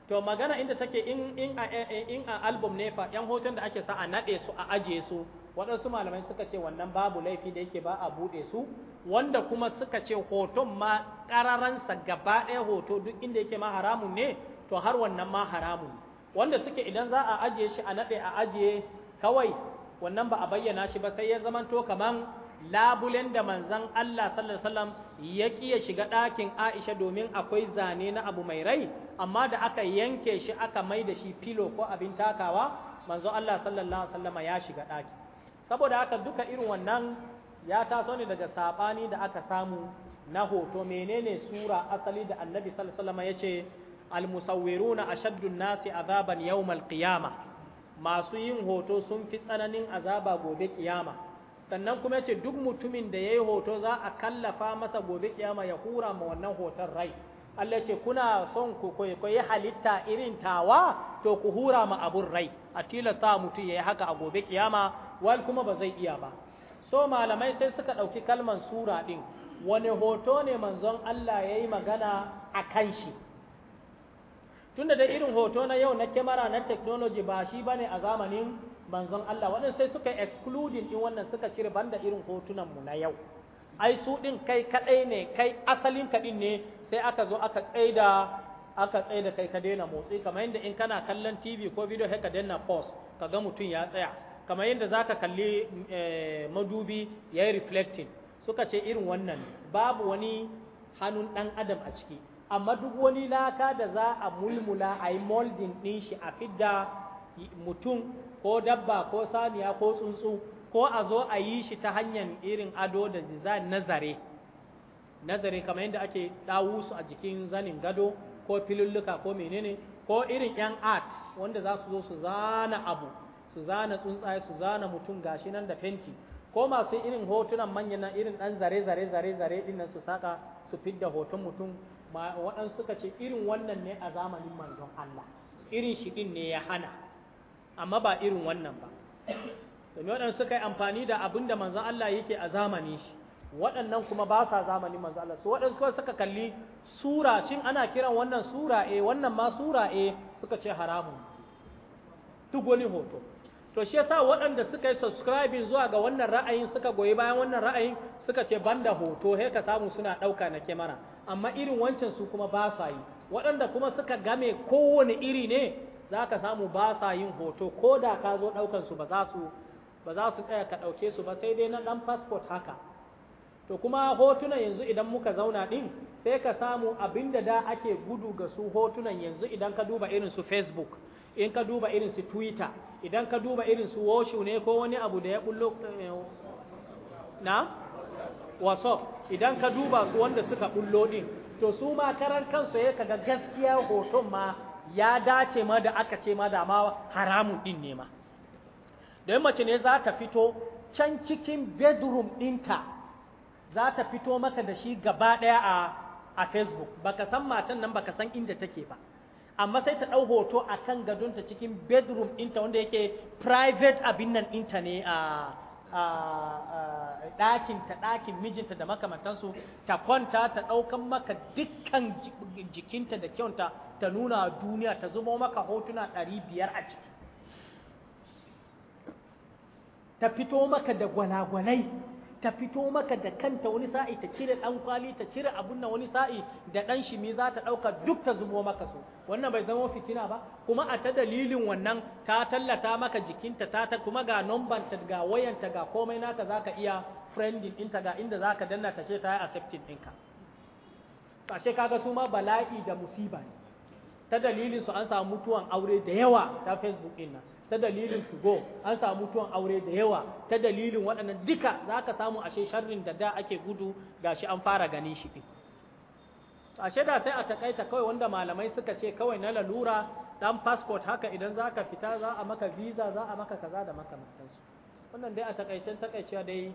S1: to magana inda take in in a in a album ne fa yan hoton da ake sa a naɗe su a aje su waɗansu malamai suka ce wannan babu laifi da yake ba a buɗe su wanda kuma suka ce hoton ma ƙararansa gaba ɗaya hoto duk inda yake ma haramun ne to har wannan ma haramun wanda suke idan za a ajiye shi a naɗe a ajiye kawai wannan ba a bayyana shi ba sai ya zamanto kaman labulen da manzon Allah sallallahu alaihi wasallam ya kiya shiga ɗakin Aisha domin akwai zane na abu mai rai amma da aka yanke shi aka mai da shi filo ko abin takawa manzon Allah sallallahu alaihi wasallam ya shiga ɗaki saboda haka duka irin wannan ya taso ne daga sabani da aka samu na hoto menene sura asali da annabi sallallahu alaihi wasallam ya ce al musawwiruna ashaddu an-nasi azaban yawmal qiyamah masu yin hoto sun fi tsananin azaba gobe kiyama sannan kuma ce duk mutumin da yayi hoto za a kallafa masa gobe kiyama ya hura ma wannan hoton rai Allah ce kuna son ku kwaikwayi halitta irin tawa to ku hura ma abun rai a tilasta mutum ya yi haka a gobe kiyama wal kuma ba zai iya ba so malamai sai suka ɗauki kalman sura ɗin wani hoto ne manzon Allah ya yi magana a kan shi tunda da irin hoto na yau na kemara na technology ba shi bane a zamanin manzon Allah wannan sai suka excluding din wannan suka cire banda irin hotunan mu na yau ai su din kai kadai ne kai asalin ka din ne sai aka zo aka tsaida aka tsaida kai ka daina motsi kamar yadda in kana kallon TV ko video sai ka daina pause ga mutum ya tsaya kamar yadda zaka kalli eh, madubi yayi reflecting suka ce irin wannan babu wani hannun dan adam a ciki amma duk wani laka da za a mulmula a yi moldin ɗin shi a fidda mutum ko dabba ko saniya ko tsuntsu ko a zo a yi shi ta hanyar irin ado da design na zare nazare kamar yadda ake ɗawu su a jikin zanin gado ko filulluka ko menene ko irin yan art wanda za su zo su zana abu su zana tsuntsaye su zana mutum gashi nan da fenti ko masu irin hotunan manyan irin ɗan zare zare zare zare ɗin nan su saka su fidda hoton mutum waɗansu suka ce irin wannan ne a zamanin manzon Allah irin shi din ne ya hana amma ba irin wannan ba domin waɗansu suka yi amfani da abin da manzon Allah yake a zamanin shi waɗannan kuma ba sa zamanin manzon Allah su waɗansu suka kalli sura shin ana kiran wannan sura eh wannan ma sura eh suka ce haramun duk wani hoto to shi yasa waɗanda suka yi subscribing zuwa ga wannan ra'ayin suka goyi bayan wannan ra'ayin suka ce banda hoto he ka samu suna ɗauka na kyamara amma irin wancan su kuma ba sa yi waɗanda kuma suka game kowane iri ne za ka samu ba sa yin hoto ko da ka zo ɗaukansu ba za su ba tsaya ka ɗauke su ba sai dai na ɗan fasfot haka to kuma hotunan yanzu idan muka zauna ɗin sai ka samu abin da da ake gudu ga su hotunan yanzu idan ka duba irin su facebook in ka duba irin su twitter idan ka duba irin su washu ne ko wani abu da ya bullo eh, na wasof idan ka duba su wanda suka bullo din to su ma karan kansu ya kaga gaskiya hoton ma ya dace ma da aka ce ma da ma haramun din ne ma da mace ne za ta fito can cikin bedroom ɗinta za ta fito maka da shi gaba ɗaya a a facebook baka san matan nan baka san inda take ba amma sai ta ɗau hoto a kan gadonta cikin bedroom ɗinta wanda yake private abin nan ɗinta ne a ɗakinta ɗakin mijinta da makamantansu ta kwanta ta ɗaukan maka dukkan jikinta da kyauta ta nuna duniya ta zubo maka hotuna ɗari biyar a ciki ta fito maka da gwanagwanai ta fito maka da kanta wani sa'i ta cire ɗan kwali ta cire abun nan wani sa'i da ɗan shimi za ta ɗauka duk ta zubo maka su wannan bai zama fitina ba kuma a ta dalilin wannan ta tallata maka jikinta ta ta kuma ga numban ta ga wayanta ga komai naka zaka iya friendin ɗinta ga inda zaka danna ta ce ta yi accepting ɗinka ashe kaga su ma bala'i da musiba ne ta dalilin su an samu mutuwan aure da yawa ta Facebook ɗin nan ta dalilin tugo an samu mutuwan aure da yawa ta dalilin waɗannan duka za ka samu ashe sharrin da da ake gudu shi an fara ganin shi ɗin ashe da sai a takaita kawai wanda malamai suka ce kawai na lalura dan passport haka idan za ka fita za a maka visa za a maka kaza da makamantansu wannan dai a takaicen takaicewa dai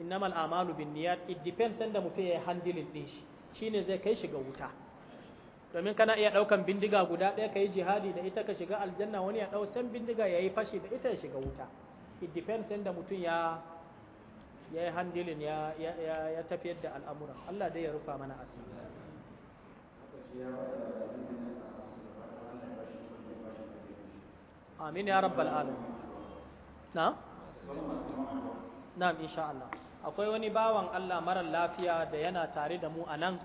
S1: innamal amalu bin niyyat it depends mutum ya yi handling din shi shine zai kai shi ga wuta domin kana iya ɗaukan bindiga guda ɗaya ka yi jihadi da ita ka shiga aljanna wani ya ɗau san bindiga ya yi fashi da ita ya shiga wuta it depends yadda mutum ya ya yi handilin ya ya tafiyar da al'amura Allah dai ya rufa mana asiri
S2: amin ya rabbal alam
S1: na na insha Allah akwai wani bawan Allah marar lafiya da yana tare da mu a nan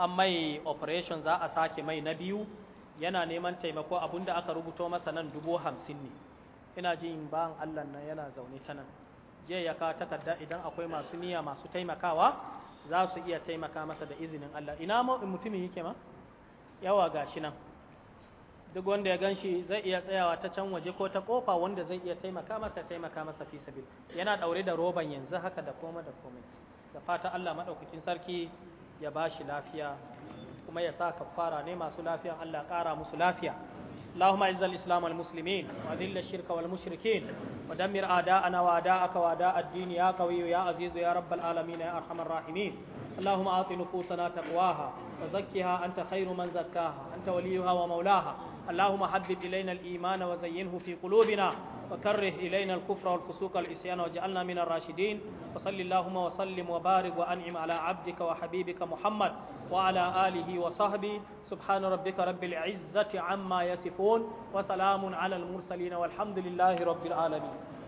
S1: an mai operation za a sake mai na biyu yana neman taimako abinda aka rubuto masa nan dubu hamsin ne ina jin ba'an Allah nan yana zaune ta nan Jiya ya ka takarda idan akwai masu niyya masu taimakawa za su iya taimaka masa da izinin Allah ina mutumin yake ma yawa gashi nan duk wanda ya gan shi zai iya tsayawa ta can waje ko ta kofa wanda zai iya taimaka masa taimaka masa fi sabil yana daure da roban yanzu haka da koma da komai da fata Allah madaukakin sarki ya ba shi lafiya kuma ya sa kafara ne masu lafiya Allah ƙara musu lafiya اللهم اعز الاسلام والمسلمين واذل الشرك والمشركين ودمر اعداءنا واعداءك واعداء الدين يا قوي يا عزيز يا رب العالمين يا ارحم الراحمين اللهم اعط نفوسنا تقواها وزكها انت خير من زكاها انت وليها ومولاها اللهم حبب الينا الايمان وزينه في قلوبنا وكره إلينا الكفر والفسوق والعصيان واجعلنا من الراشدين وصل اللهم وسلم وبارك وأنعم على عبدك وحبيبك محمد وعلى آله وصحبه سبحان ربك رب العزة عما يصفون وسلام على المرسلين والحمد لله رب العالمين